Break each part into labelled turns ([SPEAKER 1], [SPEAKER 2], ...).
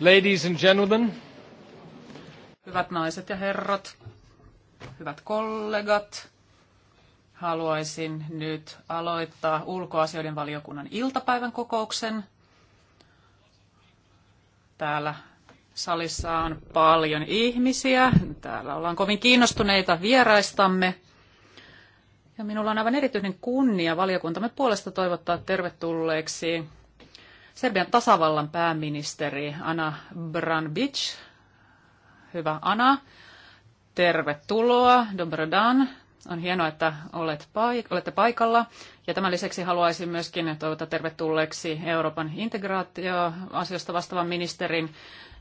[SPEAKER 1] Ladies and gentlemen.
[SPEAKER 2] Hyvät naiset ja herrat, hyvät kollegat, haluaisin nyt aloittaa ulkoasioiden valiokunnan iltapäivän kokouksen. Täällä salissa on paljon ihmisiä. Täällä ollaan kovin kiinnostuneita vieraistamme. Ja minulla on aivan erityinen kunnia valiokuntamme puolesta toivottaa tervetulleeksi Serbian tasavallan pääministeri Ana Branbic. Hyvä Ana, tervetuloa, dan. On hienoa, että olet paik- olette paikalla. Ja tämän lisäksi haluaisin myöskin toivottaa tervetulleeksi Euroopan integraatioasioista vastaavan ministerin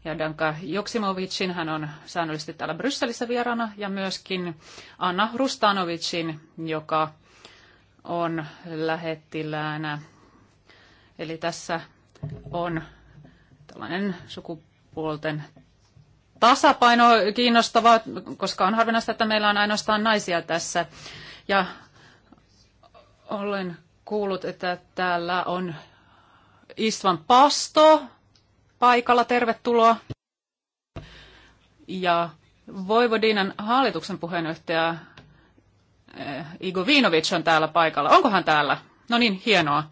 [SPEAKER 2] Jadanka Joksimovicin. Hän on säännöllisesti täällä Brysselissä vieraana. Ja myöskin Anna Rustanovicin, joka on lähettiläänä. Eli tässä on tällainen sukupuolten tasapaino kiinnostava, koska on harvinaista, että meillä on ainoastaan naisia tässä. Ja olen kuullut, että täällä on Istvan Pasto paikalla. Tervetuloa. Ja Voivodinan hallituksen puheenjohtaja eh, Igo Vinovic on täällä paikalla. Onko hän täällä? No niin, hienoa.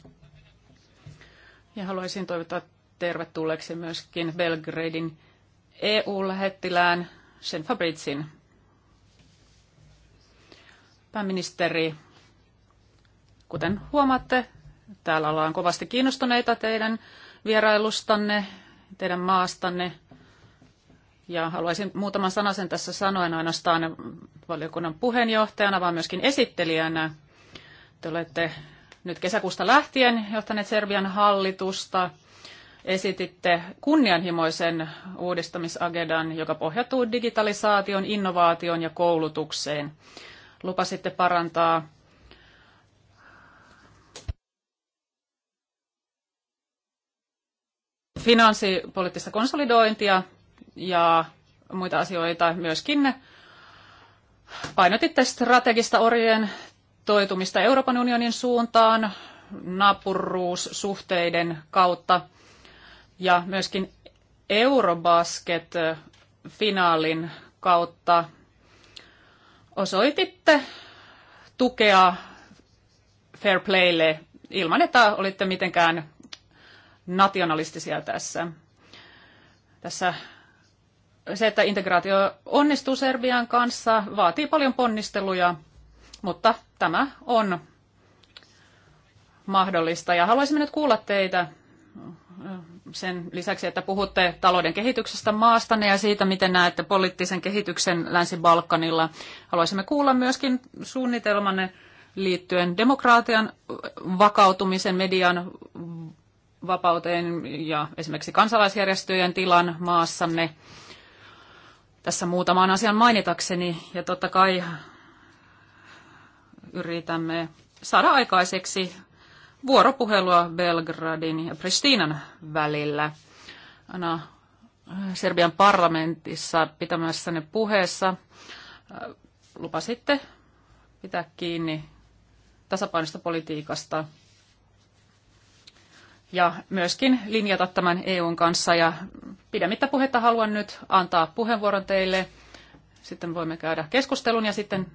[SPEAKER 2] Ja haluaisin toivottaa tervetulleeksi myöskin Belgradin EU-lähettilään Sen Fabritsin. Pääministeri, kuten huomaatte, täällä ollaan kovasti kiinnostuneita teidän vierailustanne, teidän maastanne. Ja haluaisin muutaman sanasen tässä sanoen ainoastaan valiokunnan puheenjohtajana, vaan myöskin esittelijänä. Te olette nyt kesäkuusta lähtien johtaneet Serbian hallitusta. Esititte kunnianhimoisen uudistamisagendan, joka pohjautuu digitalisaation, innovaation ja koulutukseen. Lupasitte parantaa finanssipoliittista konsolidointia ja muita asioita myöskin painotitte strategista orjien toitumista Euroopan unionin suuntaan naapuruussuhteiden kautta ja myöskin Eurobasket-finaalin kautta osoititte tukea fair playlle ilman, että olitte mitenkään nationalistisia tässä. Tässä se, että integraatio onnistuu Serbian kanssa, vaatii paljon ponnisteluja, mutta tämä on mahdollista. Ja haluaisimme nyt kuulla teitä sen lisäksi, että puhutte talouden kehityksestä maastanne ja siitä, miten näette poliittisen kehityksen Länsi-Balkanilla. Haluaisimme kuulla myöskin suunnitelmanne liittyen demokraatian vakautumisen, median vapauteen ja esimerkiksi kansalaisjärjestöjen tilan maassanne. Tässä muutaman asian mainitakseni. Ja totta kai yritämme saada aikaiseksi vuoropuhelua Belgradin ja Pristinan välillä. Aina äh, Serbian parlamentissa pitämässäne puheessa äh, lupasitte pitää kiinni tasapainosta politiikasta ja myöskin linjata tämän EUn kanssa. Ja pidemmittä puhetta haluan nyt antaa puheenvuoron teille. Sitten voimme käydä keskustelun ja sitten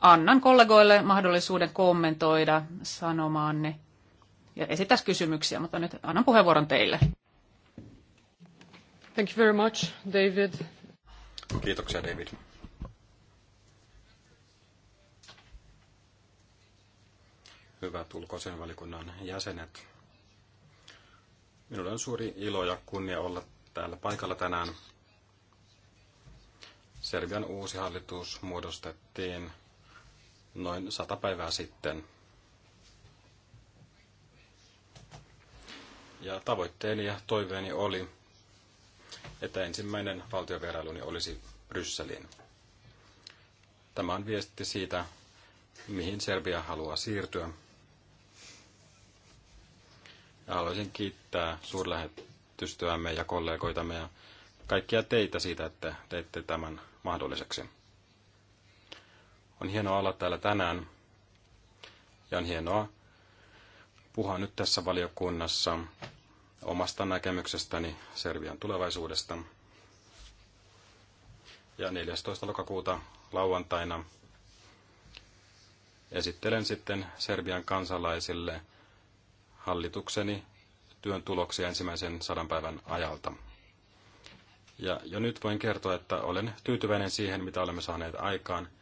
[SPEAKER 2] annan kollegoille mahdollisuuden kommentoida sanomaanne ja esittää kysymyksiä, mutta nyt annan puheenvuoron teille. Thank you very much, David.
[SPEAKER 1] Kiitoksia, David. Hyvät ulkoisen valikunnan jäsenet. Minulla on suuri ilo ja kunnia olla täällä paikalla tänään. Serbian uusi hallitus muodostettiin noin sata päivää sitten. Ja tavoitteeni ja toiveeni oli, että ensimmäinen valtiovierailuni olisi Brysseliin. Tämä on viesti siitä, mihin Serbia haluaa siirtyä. Ja haluaisin kiittää suurlähetystöämme ja kollegoitamme ja kaikkia teitä siitä, että teitte tämän mahdolliseksi. On hienoa olla täällä tänään ja on hienoa puhua nyt tässä valiokunnassa omasta näkemyksestäni Servian tulevaisuudesta. Ja 14. lokakuuta lauantaina esittelen sitten Serbian kansalaisille hallitukseni työn tuloksia ensimmäisen sadan päivän ajalta. Ja jo nyt voin kertoa, että olen tyytyväinen siihen, mitä olemme saaneet aikaan –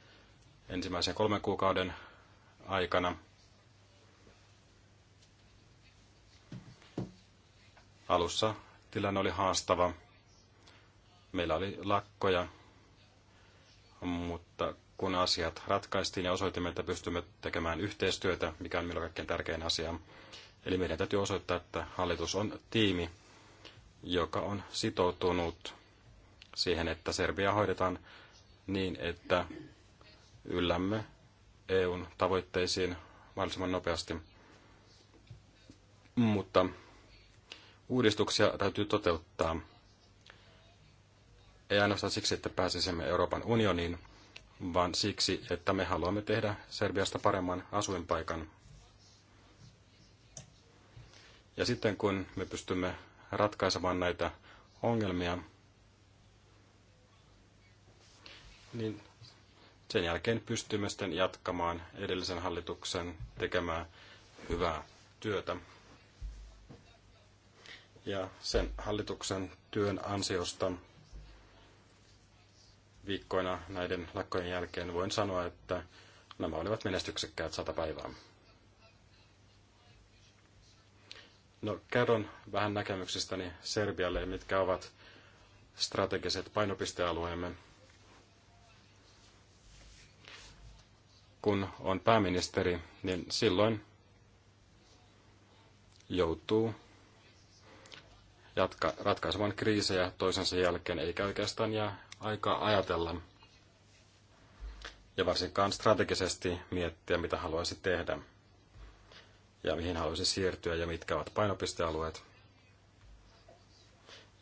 [SPEAKER 1] ensimmäisen kolmen kuukauden aikana. Alussa tilanne oli haastava. Meillä oli lakkoja, mutta kun asiat ratkaistiin ja osoitimme, että pystymme tekemään yhteistyötä, mikä on minulle kaikkein tärkein asia. Eli meidän täytyy osoittaa, että hallitus on tiimi, joka on sitoutunut siihen, että Serbia hoidetaan niin, että yllämme EUn tavoitteisiin mahdollisimman nopeasti. Mutta uudistuksia täytyy toteuttaa. Ei ainoastaan siksi, että pääsisimme Euroopan unioniin, vaan siksi, että me haluamme tehdä Serbiasta paremman asuinpaikan. Ja sitten kun me pystymme ratkaisemaan näitä ongelmia, niin sen jälkeen pystymme sitten jatkamaan edellisen hallituksen tekemää hyvää työtä. Ja sen hallituksen työn ansiosta viikkoina näiden lakkojen jälkeen voin sanoa, että nämä olivat menestyksekkäät sata päivää. No, kerron vähän näkemyksistäni Serbialle, mitkä ovat strategiset painopistealueemme kun on pääministeri, niin silloin joutuu jatka, ratkaisemaan kriisejä toisensa jälkeen, eikä oikeastaan jää aikaa ajatella ja varsinkaan strategisesti miettiä, mitä haluaisi tehdä ja mihin haluaisi siirtyä ja mitkä ovat painopistealueet.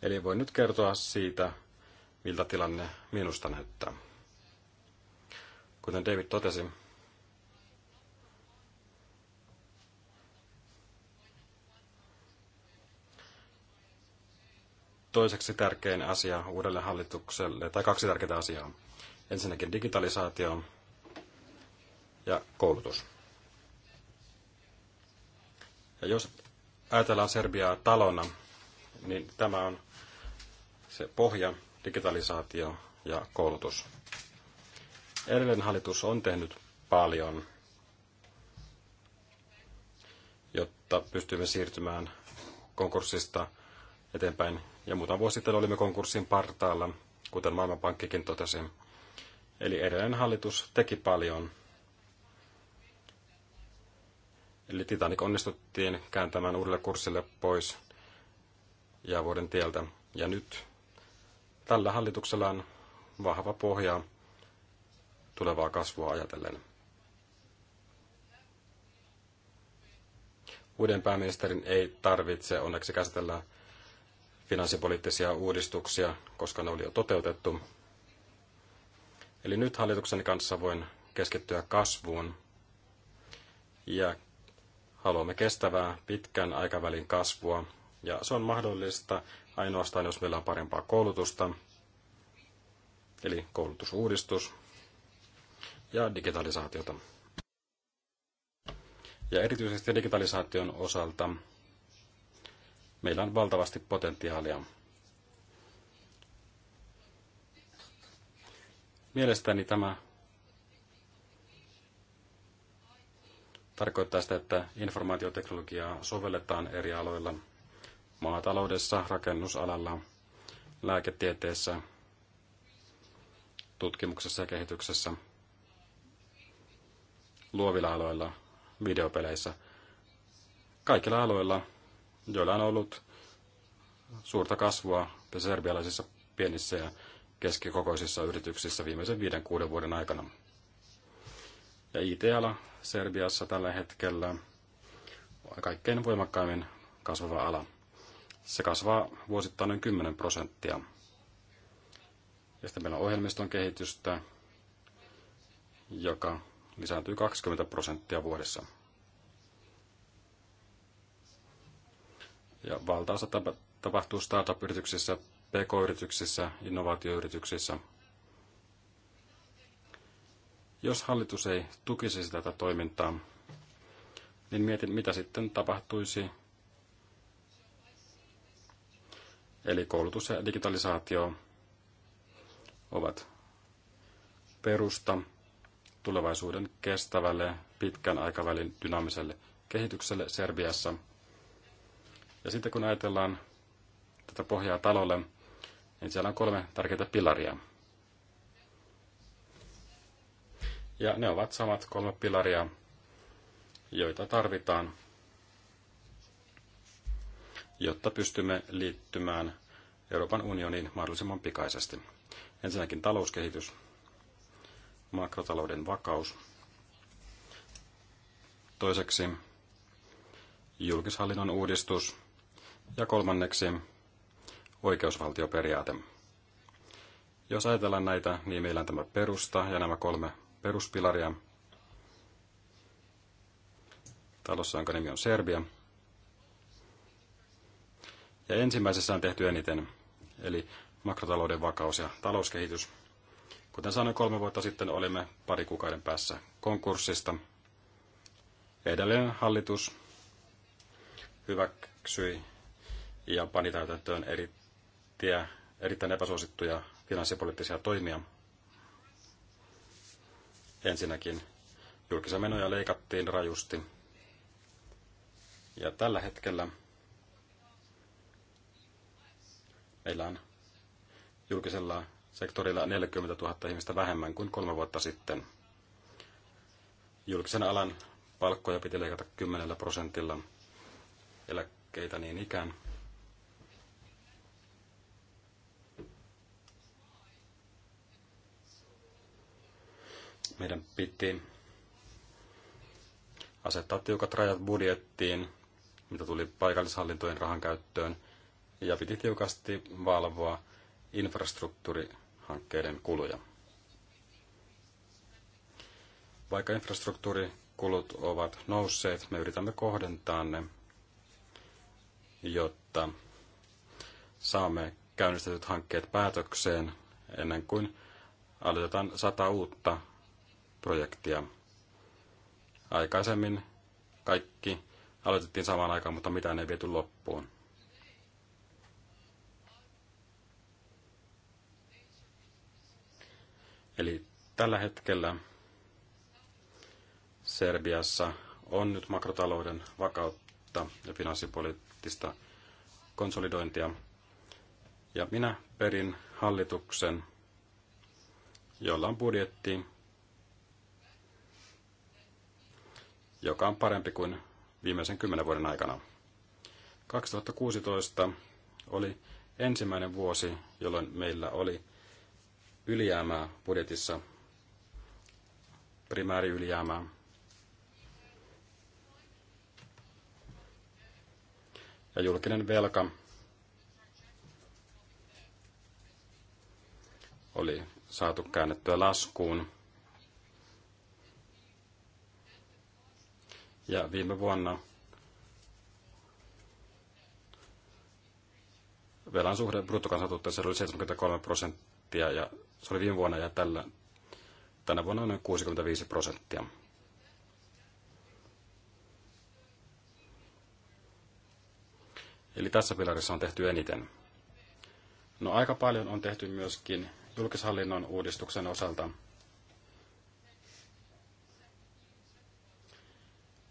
[SPEAKER 1] Eli voin nyt kertoa siitä, miltä tilanne minusta näyttää. Kuten David totesi, toiseksi tärkein asia uudelle hallitukselle, tai kaksi tärkeää asiaa. Ensinnäkin digitalisaatio ja koulutus. Ja jos ajatellaan Serbiaa talona, niin tämä on se pohja, digitalisaatio ja koulutus. Edellinen hallitus on tehnyt paljon, jotta pystymme siirtymään konkurssista eteenpäin ja muutama vuosi sitten olimme konkurssin partaalla, kuten Maailmanpankkikin totesi. Eli edellinen hallitus teki paljon. Eli Titanic onnistuttiin kääntämään uudelle kurssille pois ja vuoden tieltä. Ja nyt tällä hallituksella on vahva pohja tulevaa kasvua ajatellen. Uuden pääministerin ei tarvitse onneksi käsitellä finanssipoliittisia uudistuksia, koska ne oli jo toteutettu. Eli nyt hallituksen kanssa voin keskittyä kasvuun ja haluamme kestävää pitkän aikavälin kasvua ja se on mahdollista ainoastaan, jos meillä on parempaa koulutusta, eli koulutusuudistus ja digitalisaatiota. Ja erityisesti digitalisaation osalta Meillä on valtavasti potentiaalia. Mielestäni tämä tarkoittaa sitä, että informaatioteknologiaa sovelletaan eri aloilla maataloudessa, rakennusalalla, lääketieteessä, tutkimuksessa ja kehityksessä, luovilla aloilla, videopeleissä. Kaikilla aloilla joilla on ollut suurta kasvua serbialaisissa pienissä ja keskikokoisissa yrityksissä viimeisen viiden kuuden vuoden aikana. Ja IT-ala Serbiassa tällä hetkellä on kaikkein voimakkaimmin kasvava ala. Se kasvaa vuosittain noin 10 prosenttia. Ja sitten meillä on ohjelmiston kehitystä, joka lisääntyy 20 prosenttia vuodessa. Ja valtaosa tapahtuu startup-yrityksissä, pk-yrityksissä, innovaatioyrityksissä. Jos hallitus ei tukisi tätä toimintaa, niin mietin, mitä sitten tapahtuisi. Eli koulutus ja digitalisaatio ovat perusta tulevaisuuden kestävälle pitkän aikavälin dynaamiselle kehitykselle Serbiassa – ja sitten kun ajatellaan tätä pohjaa talolle, niin siellä on kolme tärkeää pilaria. Ja ne ovat samat kolme pilaria, joita tarvitaan, jotta pystymme liittymään Euroopan unioniin mahdollisimman pikaisesti. Ensinnäkin talouskehitys, makrotalouden vakaus, toiseksi julkishallinnon uudistus – ja kolmanneksi oikeusvaltioperiaate. Jos ajatellaan näitä, niin meillä on tämä perusta ja nämä kolme peruspilaria. Talossa, jonka nimi on Serbia. Ja ensimmäisessä on tehty eniten, eli makrotalouden vakaus ja talouskehitys. Kuten sanoin, kolme vuotta sitten olimme pari kuukauden päässä konkurssista. Edellinen hallitus hyväksyi ja pani täytäntöön eri tie, erittäin epäsuosittuja finanssipoliittisia toimia. Ensinnäkin julkisia menoja leikattiin rajusti. Ja tällä hetkellä meillä on julkisella sektorilla 40 000 ihmistä vähemmän kuin kolme vuotta sitten. Julkisen alan palkkoja piti leikata 10 prosentilla, eläkkeitä niin ikään. Meidän piti asettaa tiukat rajat budjettiin, mitä tuli paikallishallintojen rahan käyttöön, ja piti tiukasti valvoa infrastruktuurihankkeiden kuluja. Vaikka infrastruktuurikulut ovat nousseet, me yritämme kohdentaa ne, jotta saamme käynnistetyt hankkeet päätökseen ennen kuin aloitetaan sata uutta projektia. Aikaisemmin kaikki aloitettiin samaan aikaan, mutta mitään ei viety loppuun. Eli tällä hetkellä Serbiassa on nyt makrotalouden vakautta ja finanssipoliittista konsolidointia. Ja minä perin hallituksen, jolla on budjetti, joka on parempi kuin viimeisen kymmenen vuoden aikana. 2016 oli ensimmäinen vuosi, jolloin meillä oli ylijäämää budjetissa, ylijäämää. Ja julkinen velka oli saatu käännettyä laskuun Ja viime vuonna velan suhde bruttokansantuotteeseen oli 73 prosenttia ja se oli viime vuonna ja tällä, tänä vuonna noin 65 prosenttia. Eli tässä pilarissa on tehty eniten. No aika paljon on tehty myöskin julkishallinnon uudistuksen osalta.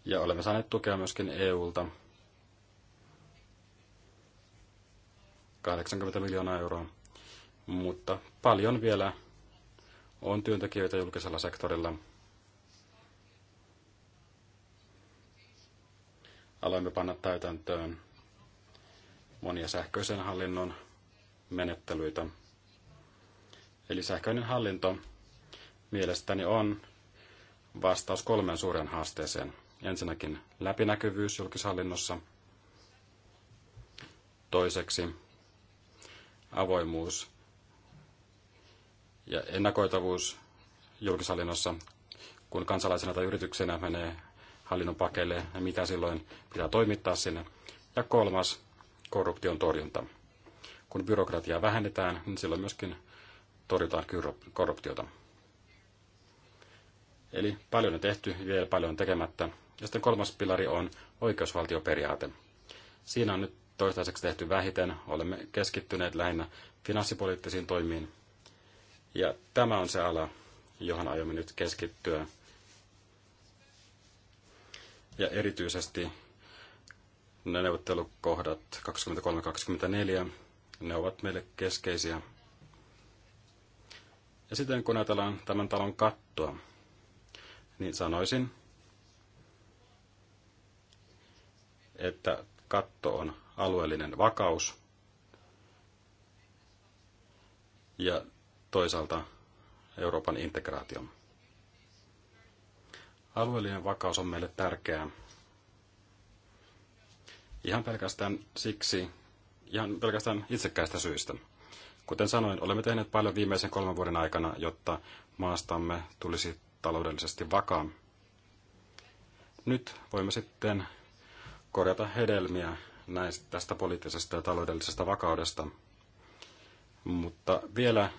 [SPEAKER 1] Ja olemme saaneet tukea myöskin EUlta 80 miljoonaa euroa, mutta paljon vielä on työntekijöitä julkisella sektorilla. Aloimme panna täytäntöön monia sähköisen hallinnon menettelyitä. Eli sähköinen hallinto mielestäni on vastaus kolmen suuren haasteeseen. Ensinnäkin läpinäkyvyys julkishallinnossa. Toiseksi avoimuus ja ennakoitavuus julkishallinnossa, kun kansalaisena tai yrityksenä menee hallinnon pakeille ja niin mitä silloin pitää toimittaa sinne. Ja kolmas, korruption torjunta. Kun byrokratiaa vähennetään, niin silloin myöskin torjutaan korruptiota. Eli paljon on tehty, vielä paljon on tekemättä, ja sitten kolmas pilari on oikeusvaltioperiaate. Siinä on nyt toistaiseksi tehty vähiten. Olemme keskittyneet lähinnä finanssipoliittisiin toimiin. Ja tämä on se ala, johon aiomme nyt keskittyä. Ja erityisesti ne neuvottelukohdat 23-24, ne ovat meille keskeisiä. Ja sitten kun ajatellaan tämän talon kattoa, niin sanoisin, että katto on alueellinen vakaus ja toisaalta Euroopan integraatio. Alueellinen vakaus on meille tärkeää. Ihan pelkästään siksi, ihan pelkästään itsekkäistä syistä. Kuten sanoin, olemme tehneet paljon viimeisen kolmen vuoden aikana, jotta maastamme tulisi taloudellisesti vakaa. Nyt voimme sitten korjata hedelmiä näistä, tästä poliittisesta ja taloudellisesta vakaudesta. Mutta vielä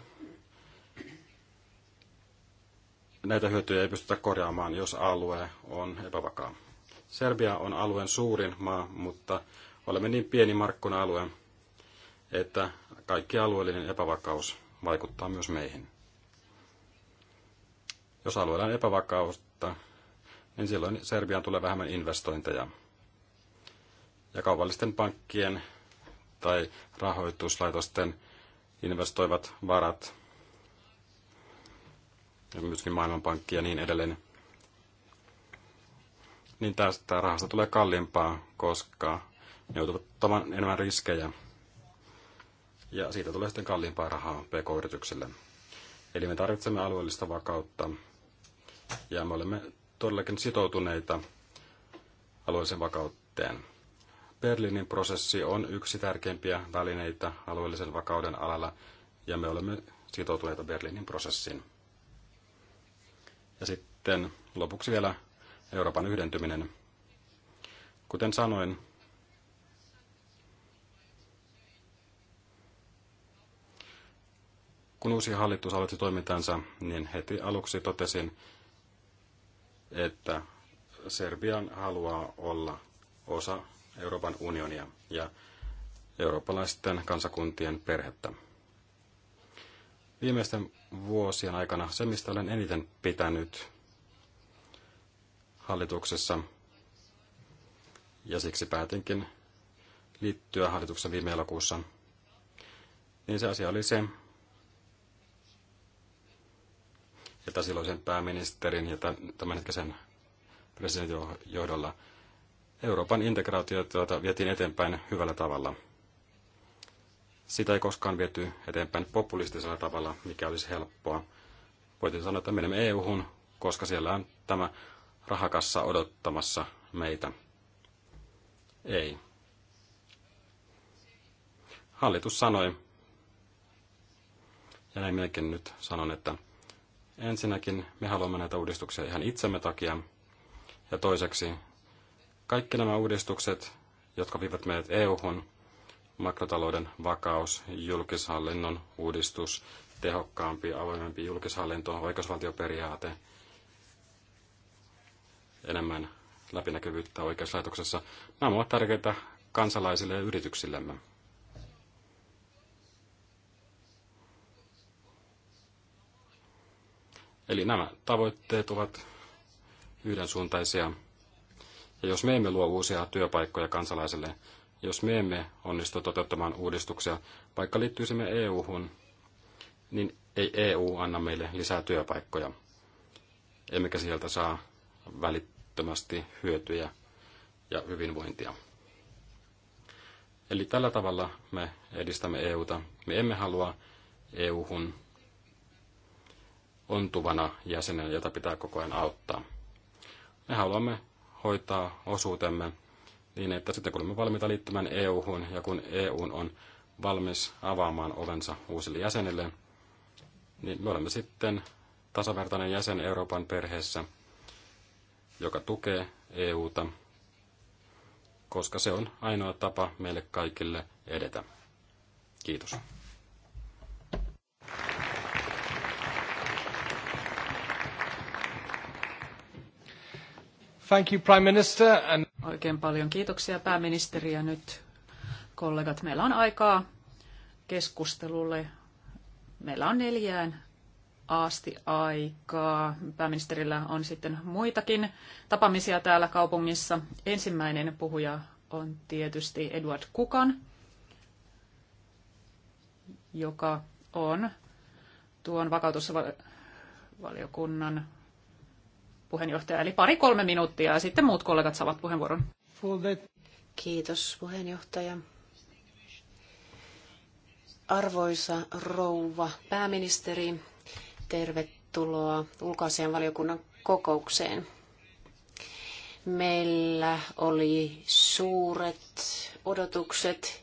[SPEAKER 1] näitä hyötyjä ei pystytä korjaamaan, jos alue on epävakaa. Serbia on alueen suurin maa, mutta olemme niin pieni markkina-alue, että kaikki alueellinen epävakaus vaikuttaa myös meihin. Jos alueella on epävakautta, niin silloin Serbiaan tulee vähemmän investointeja. Ja kaupallisten pankkien tai rahoituslaitosten investoivat varat ja myöskin Maailmanpankki ja niin edelleen. Niin tästä rahasta tulee kalliimpaa, koska ne joutuvat ottamaan enemmän riskejä. Ja siitä tulee sitten kalliimpaa rahaa pk yritykselle Eli me tarvitsemme alueellista vakautta. Ja me olemme todellakin sitoutuneita alueellisen vakauteen. Berliinin prosessi on yksi tärkeimpiä välineitä alueellisen vakauden alalla, ja me olemme sitoutuneita Berliinin prosessiin. Ja sitten lopuksi vielä Euroopan yhdentyminen. Kuten sanoin, kun uusi hallitus aloitti toimintansa, niin heti aluksi totesin, että Serbian haluaa olla osa Euroopan unionia ja eurooppalaisten kansakuntien perhettä. Viimeisten vuosien aikana se, mistä olen eniten pitänyt hallituksessa, ja siksi päätinkin liittyä hallituksen viime elokuussa, niin se asia oli se, että silloisen pääministerin ja tämänhetkisen presidentin johdolla Euroopan integraatiota vietiin eteenpäin hyvällä tavalla. Sitä ei koskaan viety eteenpäin populistisella tavalla, mikä olisi helppoa. Voitin sanoa, että menemme EU-hun, koska siellä on tämä rahakassa odottamassa meitä. Ei. Hallitus sanoi, ja näin minäkin nyt sanon, että ensinnäkin me haluamme näitä uudistuksia ihan itsemme takia, ja toiseksi kaikki nämä uudistukset, jotka viivät meidät EU-hun, makrotalouden vakaus, julkishallinnon uudistus, tehokkaampi, avoimempi julkishallinto, oikeusvaltioperiaate, enemmän läpinäkyvyyttä oikeuslaitoksessa. Nämä ovat tärkeitä kansalaisille ja yrityksillemme. Eli nämä tavoitteet ovat yhdensuuntaisia ja jos me emme luo uusia työpaikkoja kansalaisille, jos me emme onnistu toteuttamaan uudistuksia, vaikka liittyisimme EU-hun, niin ei EU anna meille lisää työpaikkoja. Emmekä sieltä saa välittömästi hyötyjä ja hyvinvointia. Eli tällä tavalla me edistämme EUta. Me emme halua EUhun ontuvana jäsenen, jota pitää koko ajan auttaa. Me haluamme hoitaa osuutemme niin, että sitten kun olemme valmiita liittymään EU-hun ja kun EU on valmis avaamaan ovensa uusille jäsenille, niin me olemme sitten tasavertainen jäsen Euroopan perheessä, joka tukee EUta, koska se on ainoa tapa meille kaikille edetä. Kiitos.
[SPEAKER 2] Thank you, Prime Minister. And... Oikein paljon kiitoksia pääministeri ja nyt kollegat. Meillä on aikaa keskustelulle. Meillä on neljään asti aikaa. Pääministerillä on sitten muitakin tapaamisia täällä kaupungissa. Ensimmäinen puhuja on tietysti Edward Kukan, joka on tuon vakautusvaliokunnan puheenjohtaja. Eli pari-kolme minuuttia ja sitten muut kollegat saavat puheenvuoron. Kiitos puheenjohtaja.
[SPEAKER 3] Arvoisa rouva pääministeri, tervetuloa valiokunnan kokoukseen. Meillä oli suuret odotukset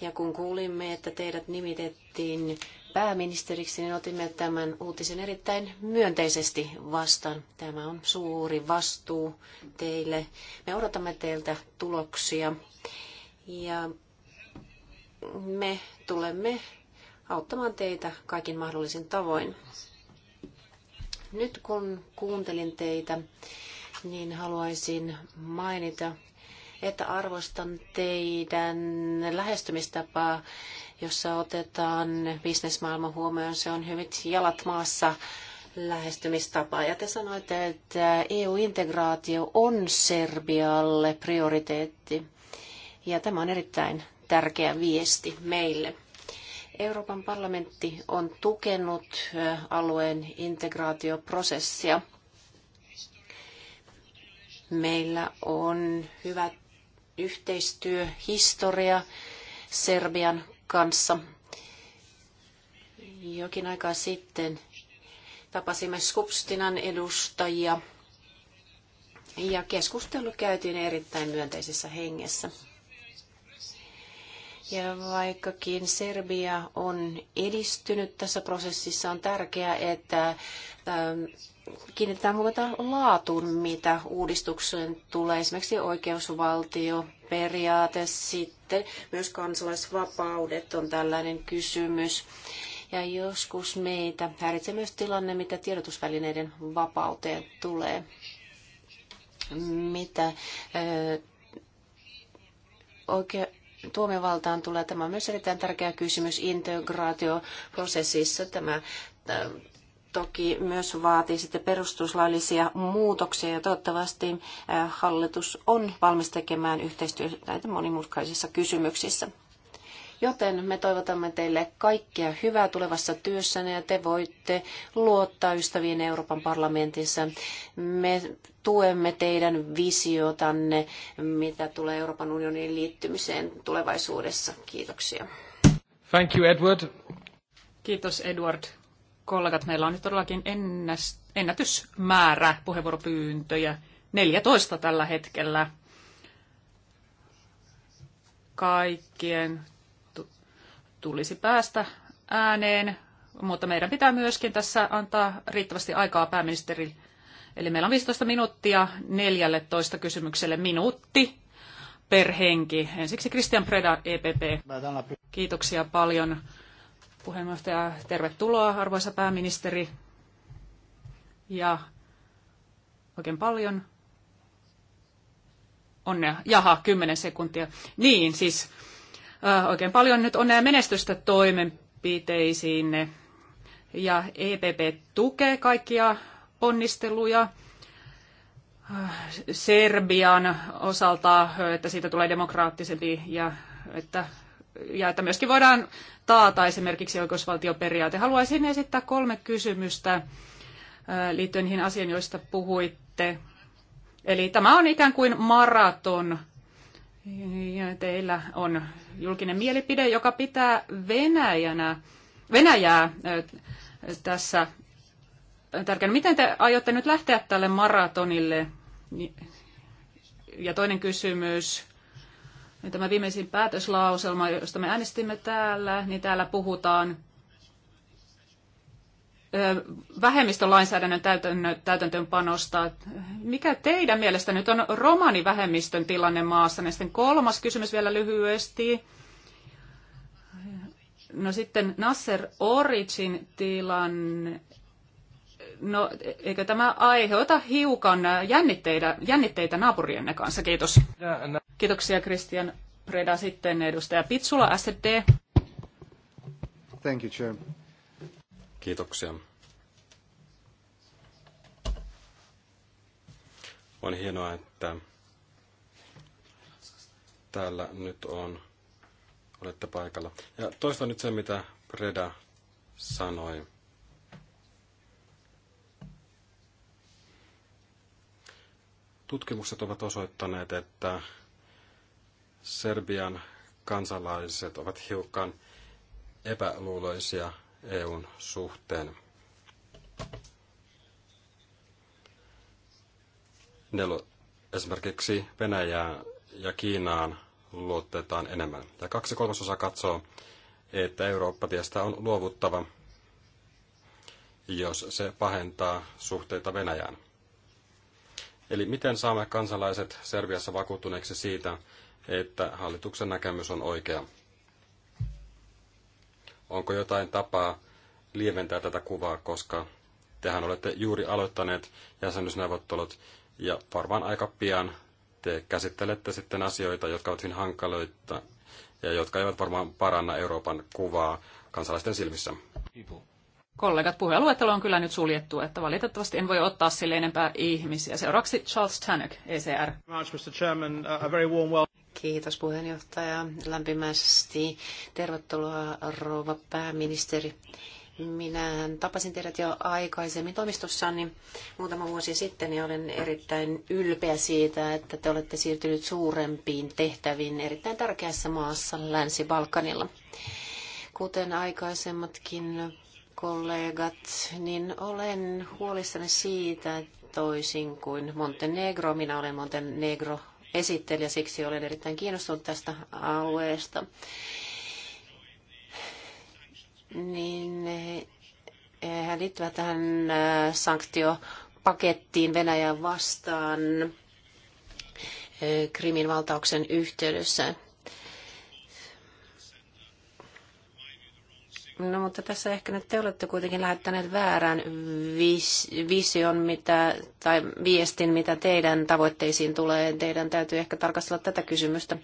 [SPEAKER 3] ja kun kuulimme, että teidät nimitettiin pääministeriksi, niin otimme tämän uutisen erittäin myönteisesti vastaan. Tämä on suuri vastuu teille. Me odotamme teiltä tuloksia ja me tulemme auttamaan teitä kaikin mahdollisin tavoin. Nyt kun kuuntelin teitä, niin haluaisin mainita, että arvostan teidän lähestymistapaa jossa otetaan bisnesmaailma huomioon. Se on hyvin jalat maassa lähestymistapa. Ja te sanoitte, että EU-integraatio on Serbialle prioriteetti. Ja tämä on erittäin tärkeä viesti meille. Euroopan parlamentti on tukenut alueen integraatioprosessia. Meillä on hyvä yhteistyöhistoria Serbian kanssa. Jokin aika sitten tapasimme Skupstinan edustajia ja keskustelu käytiin erittäin myönteisessä hengessä. Ja vaikkakin Serbia on edistynyt tässä prosessissa, on tärkeää, että ähm, kiinnitetään huomiota laatuun, mitä uudistukseen tulee. Esimerkiksi oikeusvaltio, periaate sitten. Myös kansalaisvapaudet on tällainen kysymys. Ja joskus meitä häiritsee myös tilanne, mitä tiedotusvälineiden vapauteen tulee. Mitä oikein tuomiovaltaan tulee. Tämä on myös erittäin tärkeä kysymys integraatioprosessissa. Tämä toki myös vaatii sitten perustuslaillisia muutoksia ja toivottavasti äh, hallitus on valmis tekemään yhteistyötä näitä monimutkaisissa kysymyksissä. Joten me toivotamme teille kaikkea hyvää tulevassa työssänne ja te voitte luottaa ystäviin Euroopan parlamentissa. Me tuemme teidän visiotanne, mitä tulee Euroopan unionin liittymiseen tulevaisuudessa.
[SPEAKER 2] Kiitoksia.
[SPEAKER 1] Thank you, Edward.
[SPEAKER 2] Kiitos, Edward kollegat, meillä on nyt todellakin ennätysmäärä puheenvuoropyyntöjä. 14 tällä hetkellä. Kaikkien tulisi päästä ääneen, mutta meidän pitää myöskin tässä antaa riittävästi aikaa pääministeri. Eli meillä on 15 minuuttia 14 kysymykselle minuutti per henki. Ensiksi Christian Preda, EPP. Kiitoksia paljon puheenjohtaja, tervetuloa arvoisa pääministeri. Ja oikein paljon onnea. Jaha, kymmenen sekuntia. Niin, siis oikein paljon nyt onnea menestystä toimenpiteisiinne. Ja EPP tukee kaikkia ponnisteluja Serbian osalta, että siitä tulee demokraattisempi ja että ja että myöskin voidaan taata esimerkiksi oikeusvaltioperiaate. Haluaisin esittää kolme kysymystä liittyen niihin asioihin, joista puhuitte. Eli tämä on ikään kuin maraton. Ja teillä on julkinen mielipide, joka pitää Venäjänä, Venäjää tässä tärkeänä. Miten te aiotte nyt lähteä tälle maratonille? Ja toinen kysymys tämä viimeisin päätöslauselma, josta me äänestimme täällä, niin täällä puhutaan vähemmistölainsäädännön täytäntöönpanosta. Mikä teidän mielestä nyt on romanivähemmistön tilanne maassa? Ja sitten kolmas kysymys vielä lyhyesti. No sitten Nasser Oricin tilanne. No, eikö tämä aiheuta hiukan äh, jännitteitä, jännitteitä naapurienne kanssa? Kiitos. Kiitoksia Christian Preda. Sitten edustaja Pitsula, SD.
[SPEAKER 1] Thank you, Chair. Kiitoksia. On hienoa, että täällä nyt on, olette paikalla. Ja toistan nyt sen, mitä Preda sanoi. Tutkimukset ovat osoittaneet, että Serbian kansalaiset ovat hiukan epäluuloisia EUn suhteen. Ne esimerkiksi Venäjään ja Kiinaan luotetaan enemmän. Ja kaksi kolmasosa katsoo, että Eurooppa-tiestä on luovuttava, jos se pahentaa suhteita Venäjään. Eli miten saamme kansalaiset Serbiassa vakuuttuneeksi siitä, että hallituksen näkemys on oikea? Onko jotain tapaa lieventää tätä kuvaa, koska tehän olette juuri aloittaneet jäsenyysneuvottelut ja varmaan aika pian te käsittelette sitten asioita, jotka ovat hyvin hankaloita ja jotka eivät varmaan paranna Euroopan kuvaa kansalaisten silmissä. People.
[SPEAKER 2] Kollegat, puheenluettelo on kyllä nyt suljettu, että valitettavasti en voi ottaa sille enempää ihmisiä. Seuraavaksi Charles Tannock, ECR.
[SPEAKER 3] Kiitos puheenjohtaja. Lämpimästi tervetuloa rouva pääministeri. Minä tapasin teidät jo aikaisemmin toimistossani muutama vuosi sitten ja olen erittäin ylpeä siitä, että te olette siirtynyt suurempiin tehtäviin erittäin tärkeässä maassa Länsi-Balkanilla. Kuten aikaisemmatkin kollegat, niin olen huolissani siitä, toisin kuin Montenegro. Minä olen Montenegro esittelijä, siksi olen erittäin kiinnostunut tästä alueesta. Niin hän liittyvät tähän sanktiopakettiin Venäjän vastaan Krimin valtauksen yhteydessä. No mutta tässä ehkä nyt te olette kuitenkin lähettäneet väärän vis- vision mitä, tai viestin, mitä teidän tavoitteisiin tulee. Teidän täytyy ehkä tarkastella tätä kysymystä.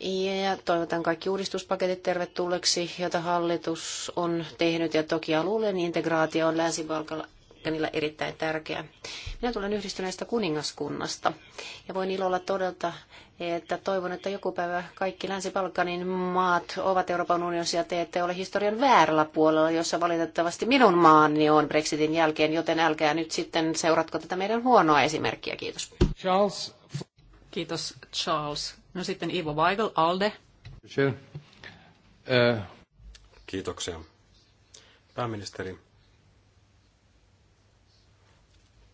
[SPEAKER 3] Ja toivotan kaikki uudistuspaketit tervetulleeksi, joita hallitus on tehnyt. Ja toki alueellinen integraatio on länsi ja erittäin tärkeä. Minä tulen yhdistyneestä kuningaskunnasta ja voin ilolla todeta, että toivon, että joku päivä kaikki Länsi-Balkanin maat ovat Euroopan unionissa ja te ette ole historian väärällä puolella, jossa valitettavasti minun maani on Brexitin jälkeen, joten älkää nyt sitten seuratko tätä meidän huonoa esimerkkiä. Kiitos.
[SPEAKER 2] Charles. Kiitos Charles. No sitten Ivo Weigel, ALDE.
[SPEAKER 1] Kiitoksia. Pääministeri,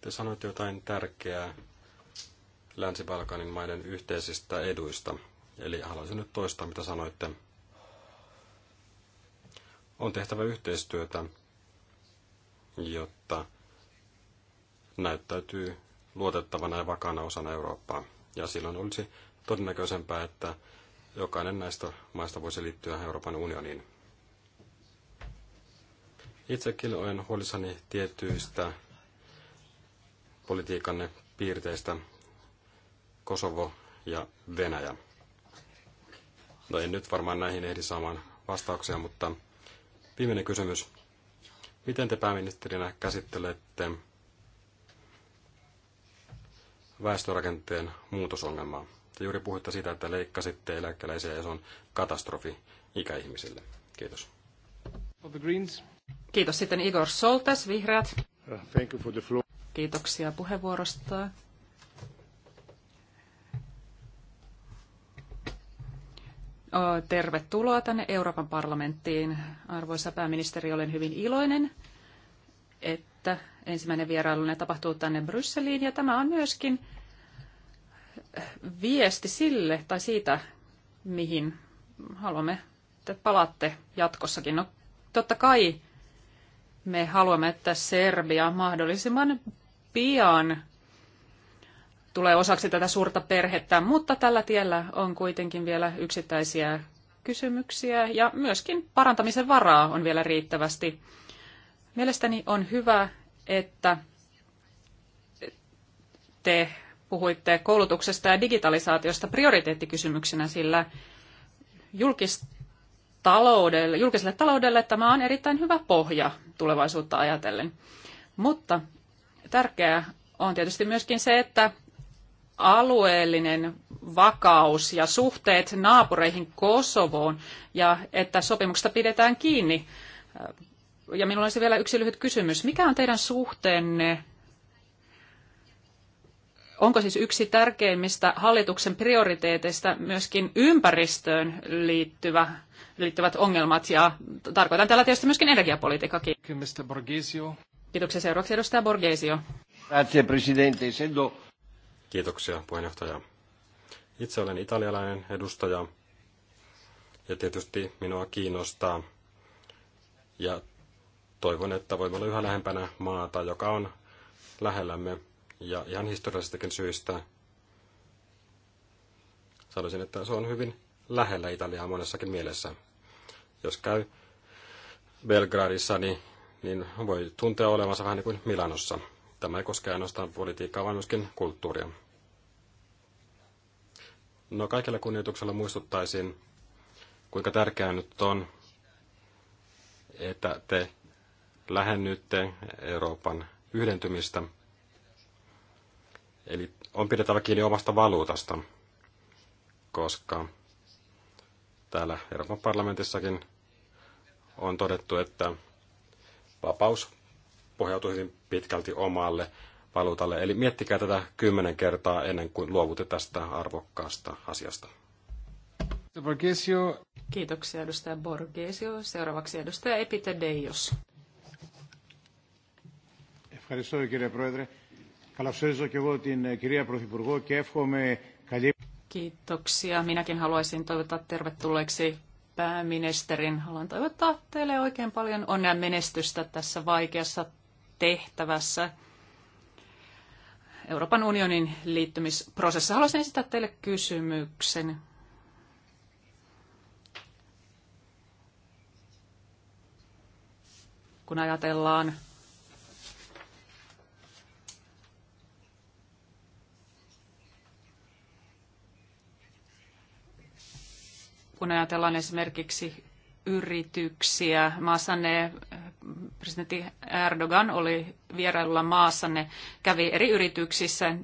[SPEAKER 1] Te sanoitte jotain tärkeää Länsi-Balkanin maiden yhteisistä eduista. Eli haluaisin nyt toistaa, mitä sanoitte. On tehtävä yhteistyötä, jotta näyttäytyy luotettavana ja vakana osana Eurooppaa. Ja silloin olisi todennäköisempää, että jokainen näistä maista voisi liittyä Euroopan unioniin. Itsekin olen huolissani tietyistä politiikanne piirteistä Kosovo ja Venäjä. No en nyt varmaan näihin ehdi saamaan vastauksia, mutta viimeinen kysymys. Miten te pääministerinä käsittelette väestörakenteen muutosongelmaa? Te juuri puhuitte siitä, että leikkasitte eläkeläisiä ja se on katastrofi ikäihmisille. Kiitos.
[SPEAKER 2] Kiitos sitten Igor Soltas, Vihreät.
[SPEAKER 1] Uh, thank you for the floor.
[SPEAKER 2] Kiitoksia puheenvuorosta. Tervetuloa tänne Euroopan parlamenttiin. Arvoisa pääministeri, olen hyvin iloinen, että ensimmäinen vierailunne tapahtuu tänne Brysseliin. Ja tämä on myöskin viesti sille tai siitä, mihin haluamme, että palaatte jatkossakin. No, totta kai me haluamme, että Serbia mahdollisimman pian tulee osaksi tätä suurta perhettä, mutta tällä tiellä on kuitenkin vielä yksittäisiä kysymyksiä ja myöskin parantamisen varaa on vielä riittävästi. Mielestäni on hyvä, että te puhuitte koulutuksesta ja digitalisaatiosta prioriteettikysymyksinä, sillä julkiselle taloudelle tämä on erittäin hyvä pohja tulevaisuutta ajatellen. Mutta Tärkeää on tietysti myöskin se, että alueellinen vakaus ja suhteet naapureihin Kosovoon ja että sopimuksesta pidetään kiinni. Ja minulla olisi vielä yksi lyhyt kysymys. Mikä on teidän suhteenne? Onko siis yksi tärkeimmistä hallituksen prioriteeteista myöskin ympäristöön liittyvä, liittyvät ongelmat? Ja tarkoitan tällä tietysti myöskin energiapolitiikkakin. Mr. Borgesio. Kiitoksia seuraavaksi edustaja Borgesio.
[SPEAKER 1] Kiitoksia puheenjohtaja. Itse olen italialainen edustaja ja tietysti minua kiinnostaa ja toivon, että voimme olla yhä lähempänä maata, joka on lähellämme ja ihan historiallisestakin syistä sanoisin, että se on hyvin lähellä Italiaa monessakin mielessä. Jos käy Belgradissa, niin niin voi tuntea olevansa vähän niin kuin Milanossa. Tämä ei koske ainoastaan politiikkaa, vaan myöskin kulttuuria. No kaikilla kunnioituksella muistuttaisin, kuinka tärkeää nyt on, että te lähennytte Euroopan yhdentymistä. Eli on pidettävä kiinni omasta valuutasta, koska täällä Euroopan parlamentissakin on todettu, että vapaus pohjautuu hyvin pitkälti omalle valuutalle. Eli miettikää tätä kymmenen kertaa ennen kuin luovutte tästä arvokkaasta asiasta. Borgesio.
[SPEAKER 2] Kiitoksia edustaja Borgesio. Seuraavaksi edustaja Epite Deios. Kiitoksia. Minäkin haluaisin toivottaa tervetulleeksi pääministerin. Haluan toivottaa teille oikein paljon onnea menestystä tässä vaikeassa tehtävässä. Euroopan unionin liittymisprosessissa. Haluaisin esittää teille kysymyksen. Kun ajatellaan kun ajatellaan esimerkiksi yrityksiä. Maassanne eh, presidentti Erdogan oli vierailulla maassanne, kävi eri yrityksissä. Eh,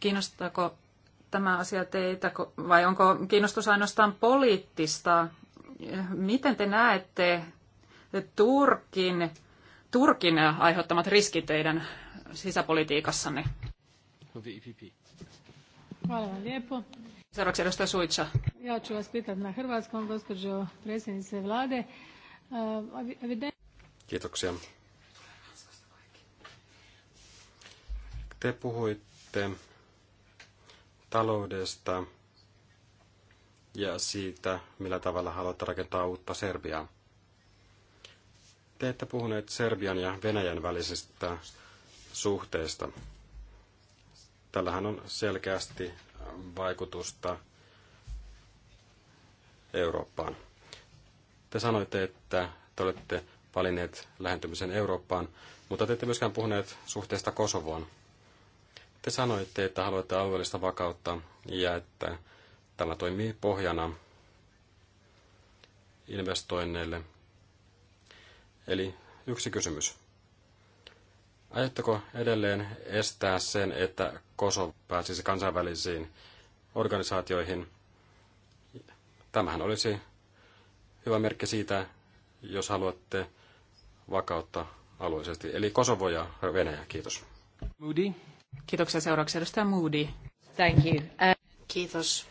[SPEAKER 2] kiinnostaako tämä asia teitä vai onko kiinnostus ainoastaan poliittista? Eh, miten te näette Turkin, Turkin aiheuttamat riskit teidän sisäpolitiikassanne? E Hvala vam lijepo. Seuraavaksi edustaja Suitsa. Ja ću vas pitää na hrvatskom, gospođo predsjednice vlade.
[SPEAKER 1] Kiitoksia. Te puhuitte taloudesta ja siitä, millä tavalla haluatte rakentaa uutta Serbiaa. Te ette puhuneet Serbian ja Venäjän välisistä suhteista. Tällähän on selkeästi vaikutusta Eurooppaan. Te sanoitte, että te olette valinneet lähentymisen Eurooppaan, mutta te ette myöskään puhuneet suhteesta Kosovoon. Te sanoitte, että haluatte alueellista vakautta ja että tämä toimii pohjana investoinneille. Eli yksi kysymys. Aiotteko edelleen estää sen, että Kosovo pääsisi kansainvälisiin organisaatioihin? Tämähän olisi hyvä merkki siitä, jos haluatte vakautta alueellisesti. Eli Kosovo ja Venäjä, kiitos. Moody.
[SPEAKER 2] Kiitoksia seuraavaksi edustaja Moody. Thank you. Uh, kiitos.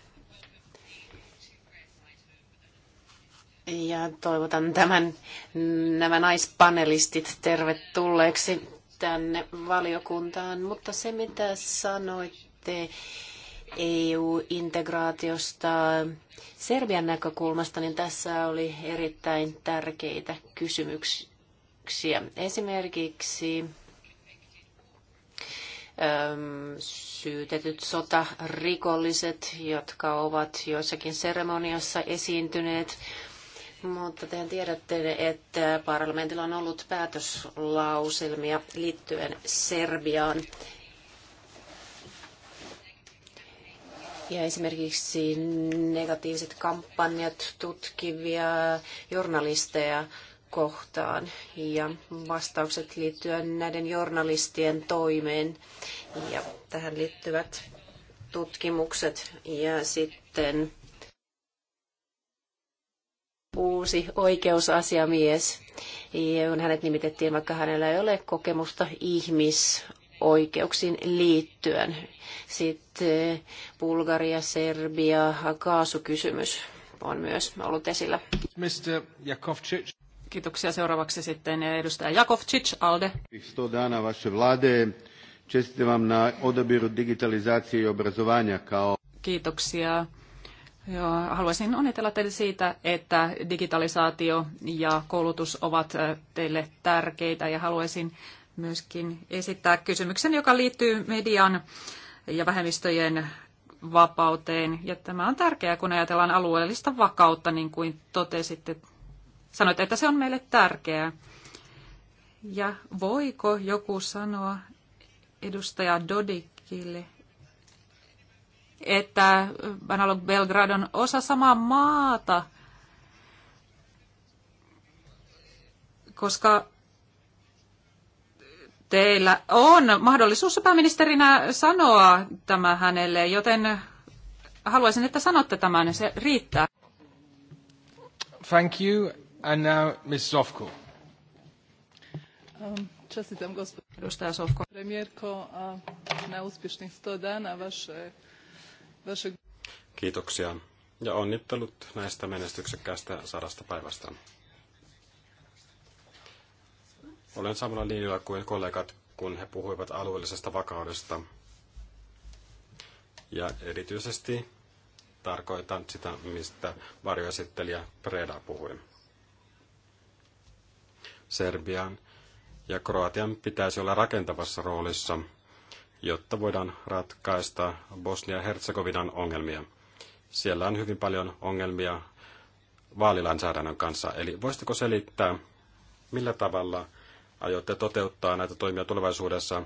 [SPEAKER 3] Ja toivotan tämän, nämä naispanelistit tervetulleeksi tänne valiokuntaan, mutta se mitä sanoitte EU-integraatiosta Serbian näkökulmasta, niin tässä oli erittäin tärkeitä kysymyksiä. Esimerkiksi ähm, syytetyt sotarikolliset, jotka ovat joissakin seremoniassa esiintyneet. Mutta tehän tiedätte, että parlamentilla on ollut päätöslauselmia liittyen Serbiaan. Ja esimerkiksi negatiiviset kampanjat tutkivia journalisteja kohtaan ja vastaukset liittyen näiden journalistien toimeen ja tähän liittyvät tutkimukset ja sitten uusi oikeusasiamies. Ja hänet nimitettiin, vaikka hänellä ei ole kokemusta ihmisoikeuksiin liittyen. Sitten eh, Bulgaria, Serbia,
[SPEAKER 2] kaasukysymys on myös ollut esillä. Mr. Jakovcic. Kiitoksia. Seuraavaksi sitten edustaja Jakovcic, ALDE.
[SPEAKER 1] 100 dana vaše vlade. Čestitam vam na odabiru digitalizacije i obrazovanja kao...
[SPEAKER 2] Kiitoksia Joo, haluaisin onnitella teille siitä, että digitalisaatio ja koulutus ovat teille tärkeitä ja haluaisin myöskin esittää kysymyksen, joka liittyy median ja vähemmistöjen vapauteen. Ja tämä on tärkeää, kun ajatellaan alueellista vakautta, niin kuin totesitte. Sanoit, että se on meille tärkeää. Ja voiko joku sanoa edustaja Dodikille, että Analog Belgrad on osa samaa maata, koska teillä on mahdollisuus pääministerinä sanoa tämä hänelle, joten haluaisin, että sanotte tämän, se
[SPEAKER 1] riittää. Thank you. And now Ms. Zofko.
[SPEAKER 2] Um, Sofko. Premierko, premijerko na uspješnih 100 dana vaše
[SPEAKER 1] Kiitoksia ja onnittelut näistä menestyksekkäistä sadasta päivästä. Olen samalla linjalla kuin kollegat, kun he puhuivat alueellisesta vakaudesta. Ja erityisesti tarkoitan sitä, mistä varjoesittelijä Preda puhui. Serbian ja Kroatian pitäisi olla rakentavassa roolissa – jotta voidaan ratkaista Bosnia-Herzegovinan ongelmia. Siellä on hyvin paljon ongelmia vaalilainsäädännön kanssa. Eli voisitteko selittää, millä tavalla aiotte toteuttaa näitä toimia tulevaisuudessa,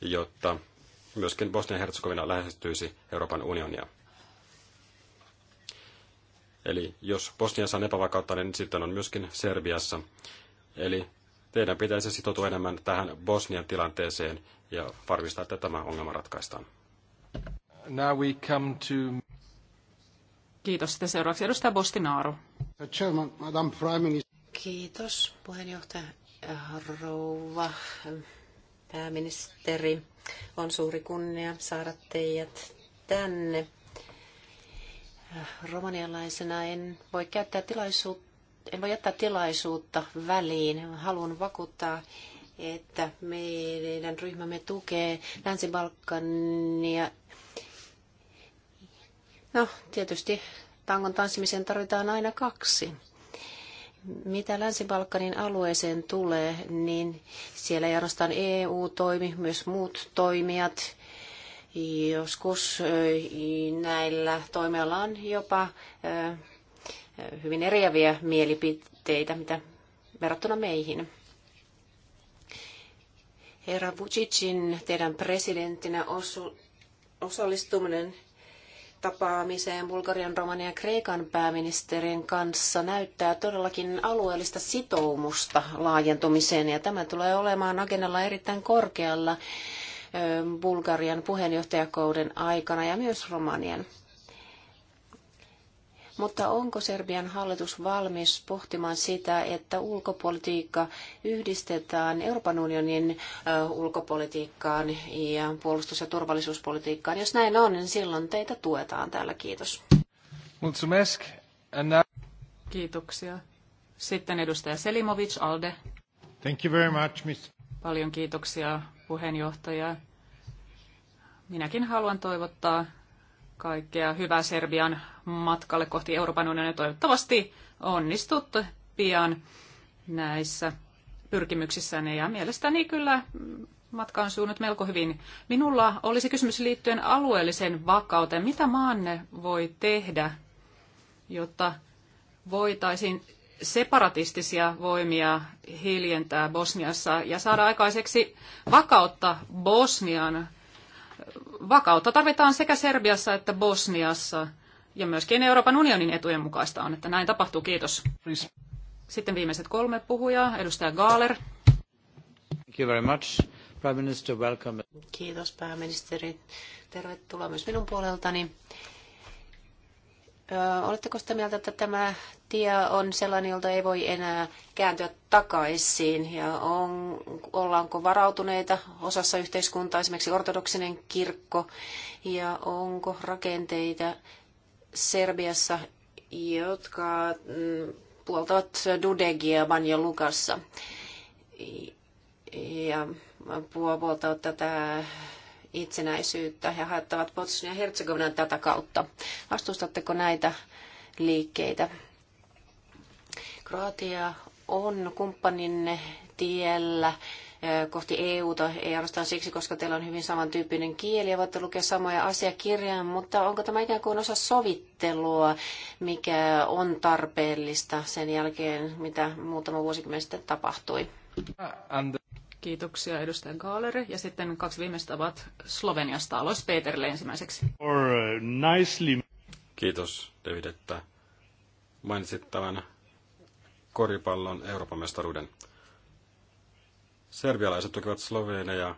[SPEAKER 1] jotta myöskin Bosnia-Herzegovina lähestyisi Euroopan unionia? Eli jos Bosniassa on epävakautta, niin sitten on myöskin Serbiassa. Eli Teidän pitäisi sitoutua enemmän tähän Bosnian tilanteeseen ja varmistaa, että tämä ongelma ratkaistaan.
[SPEAKER 2] Now we come to... Kiitos. Sitten seuraavaksi edustaja Bostinaaru. Kiitos
[SPEAKER 3] puheenjohtaja rouva pääministeri. On suuri kunnia saada teidät tänne romanialaisena en voi käyttää tilaisuutta en voi jättää tilaisuutta väliin. Haluan vakuuttaa, että meidän ryhmämme tukee Länsi-Balkania. No, tietysti tangon tanssimiseen tarvitaan aina kaksi. Mitä Länsi-Balkanin alueeseen tulee, niin siellä ei ainoastaan EU toimi, myös muut toimijat. Joskus näillä toimijoilla on jopa hyvin eriäviä mielipiteitä, mitä verrattuna meihin. Herra Vucicin, teidän presidenttinä osu, osallistuminen tapaamiseen Bulgarian, Romanian ja Kreikan pääministerin kanssa näyttää todellakin alueellista sitoumusta laajentumiseen ja tämä tulee olemaan agendalla erittäin korkealla Bulgarian puheenjohtajakauden aikana ja myös Romanian. Mutta onko Serbian hallitus valmis pohtimaan sitä, että ulkopolitiikka yhdistetään Euroopan unionin ulkopolitiikkaan ja puolustus- ja turvallisuuspolitiikkaan? Jos näin on, niin silloin teitä tuetaan täällä. Kiitos.
[SPEAKER 2] Kiitoksia. Sitten edustaja Selimovic, Alde.
[SPEAKER 1] Thank you very much, miss.
[SPEAKER 2] Paljon kiitoksia, puheenjohtaja. Minäkin haluan toivottaa kaikkea hyvää Serbian matkalle kohti Euroopan unionia. Toivottavasti onnistut pian näissä pyrkimyksissänne ja mielestäni kyllä matka on suunnut melko hyvin. Minulla olisi kysymys liittyen alueelliseen vakauteen. Mitä maanne voi tehdä, jotta voitaisiin separatistisia voimia hiljentää Bosniassa ja saada aikaiseksi vakautta Bosnian vakautta tarvitaan sekä Serbiassa että Bosniassa. Ja myöskin Euroopan unionin etujen mukaista on, että näin tapahtuu. Kiitos. Sitten viimeiset kolme puhujaa. Edustaja Gaaler.
[SPEAKER 1] Thank you very much. Prime Minister, welcome.
[SPEAKER 2] Kiitos
[SPEAKER 3] pääministeri. Tervetuloa myös minun puoleltani. Oletteko sitä mieltä, että tämä tie on sellainen, jolta ei voi enää kääntyä takaisin? Ja on, ollaanko varautuneita osassa yhteiskuntaa, esimerkiksi ortodoksinen kirkko? Ja onko rakenteita Serbiassa, jotka mm, puoltavat Dudegia Banja Lukassa? Ja puoltavat tätä itsenäisyyttä ja haittavat Bosnian ja Herzegovinan tätä kautta. Vastustatteko näitä liikkeitä? Kroatia on kumppaninne tiellä kohti EUta, ei ainoastaan siksi, koska teillä on hyvin samantyyppinen kieli ja voitte lukea samoja asiakirjoja, mutta onko tämä ikään kuin osa sovittelua, mikä on tarpeellista sen jälkeen, mitä muutama vuosikymmen sitten
[SPEAKER 2] tapahtui? And... Kiitoksia edustajan Kaalere. Ja sitten kaksi viimeistä ovat Sloveniasta. Alois Peterille ensimmäiseksi.
[SPEAKER 1] Or, uh, nicely. Kiitos David, että mainitsit tämän koripallon Euroopan mestaruuden. Serbialaiset tukevat Sloveneja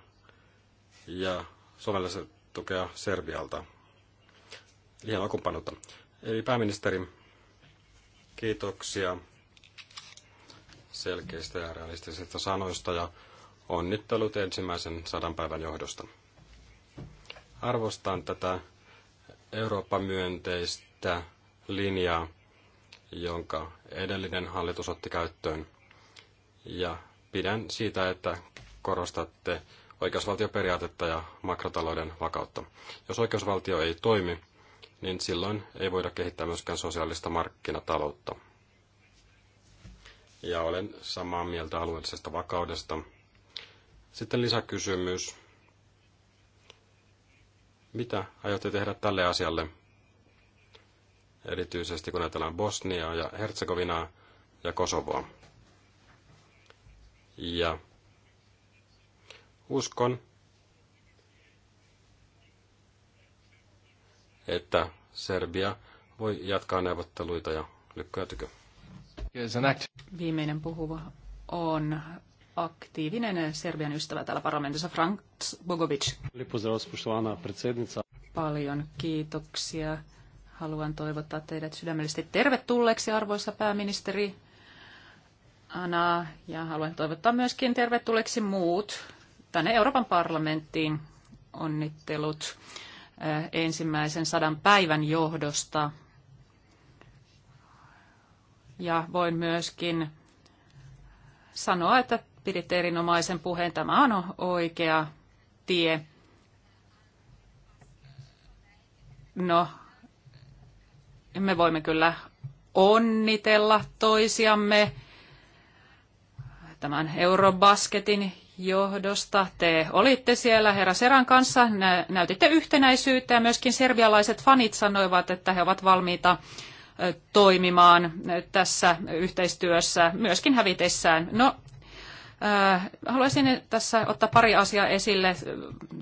[SPEAKER 1] ja suomalaiset tukea Serbialta. Hienoa kumppanuutta. Eli pääministeri, kiitoksia selkeistä ja realistisista sanoista ja Onnittelut ensimmäisen sadan päivän johdosta. Arvostan tätä Eurooppa-myönteistä linjaa, jonka edellinen hallitus otti käyttöön. Ja pidän siitä, että korostatte oikeusvaltioperiaatetta ja makrotalouden vakautta. Jos oikeusvaltio ei toimi, niin silloin ei voida kehittää myöskään sosiaalista markkinataloutta. Ja olen samaa mieltä alueellisesta vakaudesta – sitten lisäkysymys. Mitä aiotte tehdä tälle asialle? Erityisesti kun ajatellaan Bosniaa ja Herzegovinaa ja Kosovoa. Ja uskon, että Serbia voi jatkaa neuvotteluita ja lykkäytykö.
[SPEAKER 2] Viimeinen puhuva on aktiivinen Serbian ystävä täällä parlamentissa, Frank Bogovic. Paljon kiitoksia. Haluan toivottaa teidät sydämellisesti tervetulleeksi, arvoisa pääministeri Ana, ja haluan toivottaa myöskin tervetulleeksi muut tänne Euroopan parlamenttiin. Onnittelut eh, ensimmäisen sadan päivän johdosta. Ja voin myöskin sanoa, että pidit erinomaisen puheen. Tämä on oikea tie. No, me voimme kyllä onnitella toisiamme tämän Eurobasketin johdosta. Te olitte siellä herra Seran kanssa, näytitte yhtenäisyyttä ja myöskin serbialaiset fanit sanoivat, että he ovat valmiita toimimaan tässä yhteistyössä myöskin hävitessään. No, Äh, haluaisin tässä ottaa pari asiaa esille.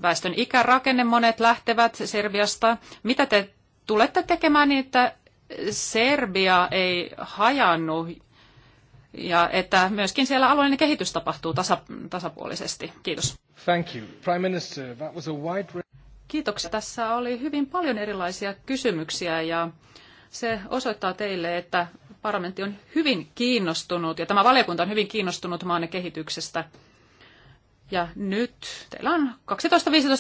[SPEAKER 2] Väestön ikärakenne, monet lähtevät Serbiasta. Mitä te tulette tekemään niin, että Serbia ei hajannu ja että myöskin siellä alueellinen kehitys tapahtuu tasa, tasapuolisesti. Kiitos.
[SPEAKER 1] Thank you. Prime Minister, that was a wide...
[SPEAKER 2] Kiitoksia. Tässä oli hyvin paljon erilaisia kysymyksiä ja se osoittaa teille, että parlamentti on hyvin kiinnostunut ja tämä valiokunta on hyvin kiinnostunut maanne kehityksestä. Ja nyt teillä on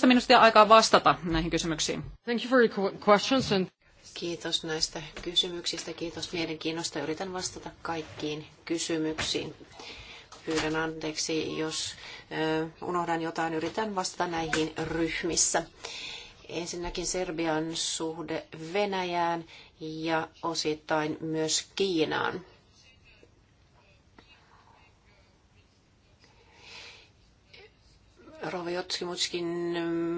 [SPEAKER 2] 12-15 minuuttia aikaa vastata näihin kysymyksiin.
[SPEAKER 3] Thank you for your questions and... Kiitos näistä kysymyksistä, kiitos mielenkiinnosta. Yritän vastata kaikkiin kysymyksiin. Pyydän anteeksi, jos unohdan jotain, yritän vastata näihin ryhmissä. Ensinnäkin Serbian suhde Venäjään ja osittain myös Kiinaan. Rovjotskimutskin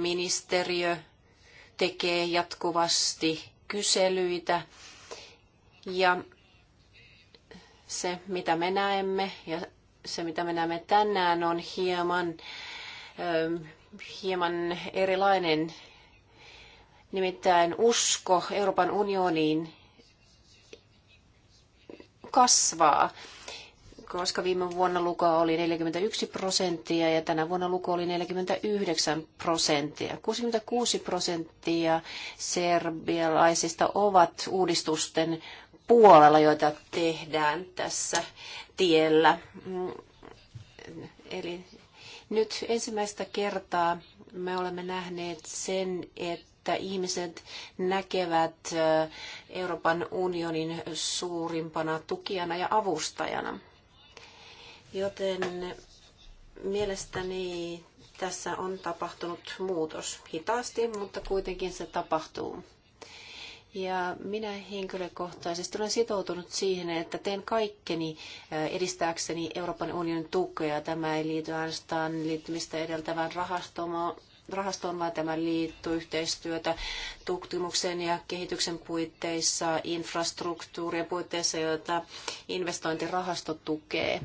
[SPEAKER 3] ministeriö tekee jatkuvasti kyselyitä ja se, mitä me näemme ja se, mitä me näemme tänään, on hieman, hieman erilainen Nimittäin usko Euroopan unioniin kasvaa, koska viime vuonna luku oli 41 prosenttia ja tänä vuonna luku oli 49 prosenttia. 66 prosenttia serbialaisista ovat uudistusten puolella, joita tehdään tässä tiellä. Eli nyt ensimmäistä kertaa me olemme nähneet sen, että että ihmiset näkevät Euroopan unionin suurimpana tukijana ja avustajana. Joten mielestäni tässä on tapahtunut muutos hitaasti, mutta kuitenkin se tapahtuu. Ja minä henkilökohtaisesti olen sitoutunut siihen, että teen kaikkeni edistääkseni Euroopan unionin tukea. Tämä ei liity ainoastaan liittymistä edeltävään rahastoon, rahastoon, vaan tämä liittyy yhteistyötä tutkimuksen ja kehityksen puitteissa, infrastruktuurien puitteissa, joita investointirahasto tukee.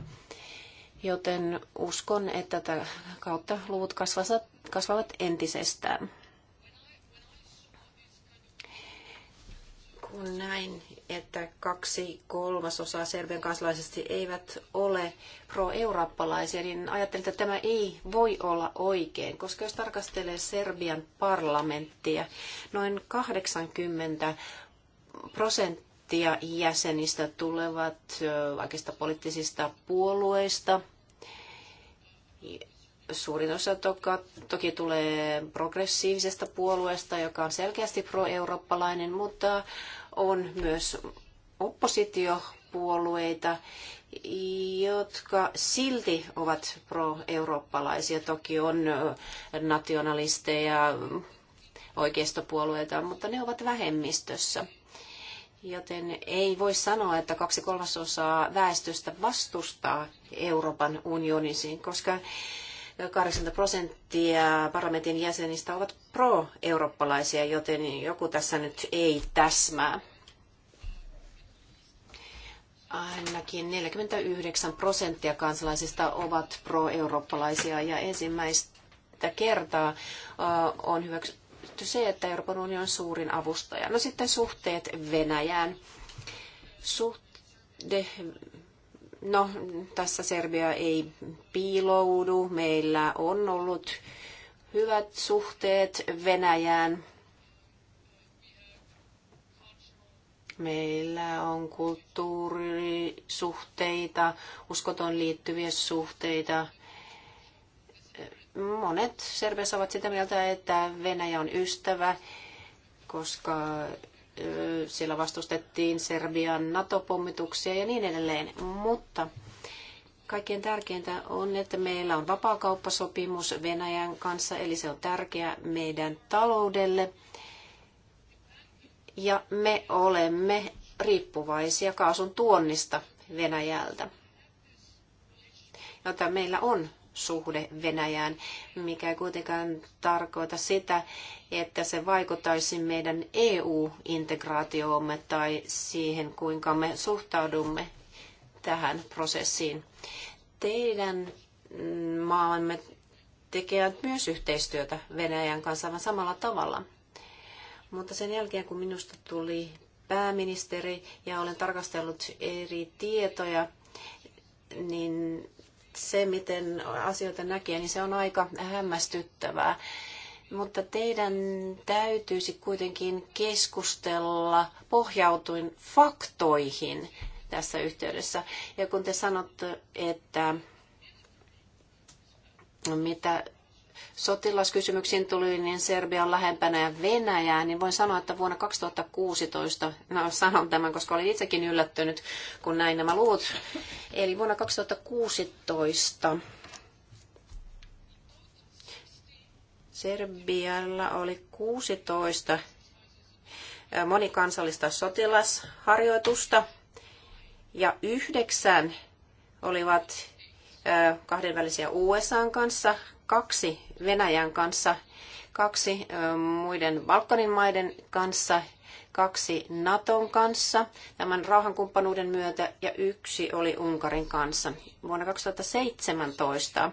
[SPEAKER 3] Joten uskon, että tätä kautta luvut kasvavat, kasvavat entisestään. näin, että kaksi kolmasosaa Serbian kansalaisesti eivät ole pro-eurooppalaisia, niin ajattelin, että tämä ei voi olla oikein, koska jos tarkastelee Serbian parlamenttia, noin 80 prosenttia jäsenistä tulevat vaikeista poliittisista puolueista. Suurin osa toka, toki tulee progressiivisesta puolueesta, joka on selkeästi pro-eurooppalainen, mutta on myös oppositiopuolueita, jotka silti ovat pro-eurooppalaisia. Toki on nationalisteja oikeistopuolueita, mutta ne ovat vähemmistössä. Joten ei voi sanoa, että kaksi kolmasosaa väestöstä vastustaa Euroopan unionin, koska 80 prosenttia parlamentin jäsenistä ovat pro-eurooppalaisia, joten joku tässä nyt ei täsmää. Ainakin 49 prosenttia kansalaisista ovat pro-eurooppalaisia ja ensimmäistä kertaa on hyväksytty se, että Euroopan unioni on suurin avustaja. No sitten suhteet Venäjään. Suhde no, tässä Serbia ei piiloudu. Meillä on ollut hyvät suhteet Venäjään. Meillä on kulttuurisuhteita, uskoton liittyviä suhteita. Monet Serbiassa ovat sitä mieltä, että Venäjä on ystävä, koska siellä vastustettiin Serbian NATO-pommituksia ja niin edelleen. Mutta kaikkein tärkeintä on, että meillä on vapaakauppasopimus Venäjän kanssa, eli se on tärkeä meidän taloudelle – ja me olemme riippuvaisia kaasun tuonnista Venäjältä. Jota meillä on suhde Venäjään, mikä ei kuitenkaan tarkoita sitä, että se vaikuttaisi meidän EU-integraatioomme tai siihen, kuinka me suhtaudumme tähän prosessiin. Teidän maamme tekevät myös yhteistyötä Venäjän kanssa samalla tavalla. Mutta sen jälkeen, kun minusta tuli pääministeri ja olen tarkastellut eri tietoja, niin se, miten asioita näkee, niin se on aika hämmästyttävää. Mutta teidän täytyisi kuitenkin keskustella pohjautuin faktoihin tässä yhteydessä. Ja kun te sanotte, että mitä sotilaskysymyksiin tuli, niin Serbia on lähempänä ja Venäjää, niin voin sanoa, että vuonna 2016, no sanon tämän, koska olin itsekin yllättynyt, kun näin nämä luvut, eli vuonna 2016 Serbialla oli 16 monikansallista sotilasharjoitusta ja yhdeksän olivat kahdenvälisiä USAn kanssa, kaksi Venäjän kanssa, kaksi muiden Balkanin maiden kanssa, kaksi Naton kanssa tämän rauhankumppanuuden myötä ja yksi oli Unkarin kanssa vuonna 2017.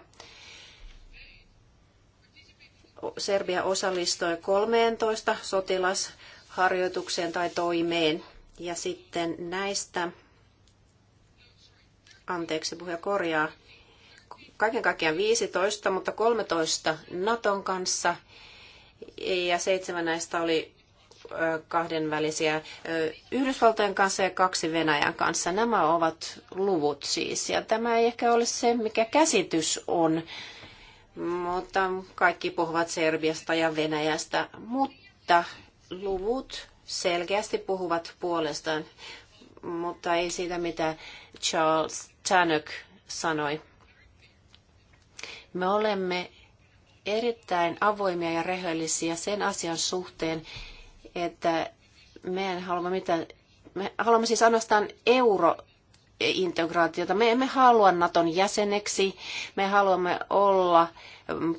[SPEAKER 3] Serbia osallistui 13 sotilasharjoitukseen tai toimeen. Ja sitten näistä, anteeksi puhuja korjaa, kaiken kaikkiaan 15, mutta 13 Naton kanssa ja seitsemän näistä oli kahdenvälisiä Yhdysvaltojen kanssa ja kaksi Venäjän kanssa. Nämä ovat luvut siis, ja tämä ei ehkä ole se, mikä käsitys on, mutta kaikki puhuvat Serbiasta ja Venäjästä, mutta luvut selkeästi puhuvat puolestaan, mutta ei siitä, mitä Charles Tannock sanoi. Me olemme erittäin avoimia ja rehellisiä sen asian suhteen, että me en halua mitään, me haluamme siis ainoastaan euro integraatiota. Me emme halua Naton jäseneksi, me haluamme olla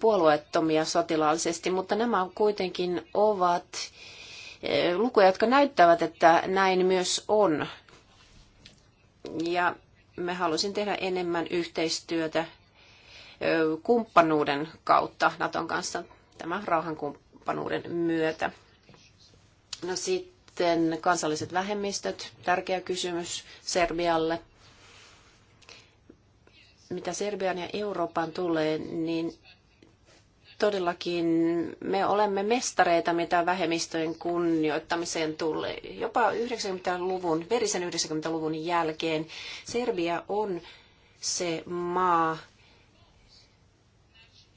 [SPEAKER 3] puolueettomia sotilaallisesti, mutta nämä kuitenkin ovat eh, lukuja, jotka näyttävät, että näin myös on. Ja me halusin tehdä enemmän yhteistyötä kumppanuuden kautta Naton kanssa, tämän rauhankumppanuuden myötä. No sitten kansalliset vähemmistöt, tärkeä kysymys Serbialle. Mitä Serbian ja Euroopan tulee, niin todellakin me olemme mestareita, mitä vähemmistöjen kunnioittamiseen tulee. Jopa 90-luvun, verisen 90-luvun jälkeen Serbia on se maa,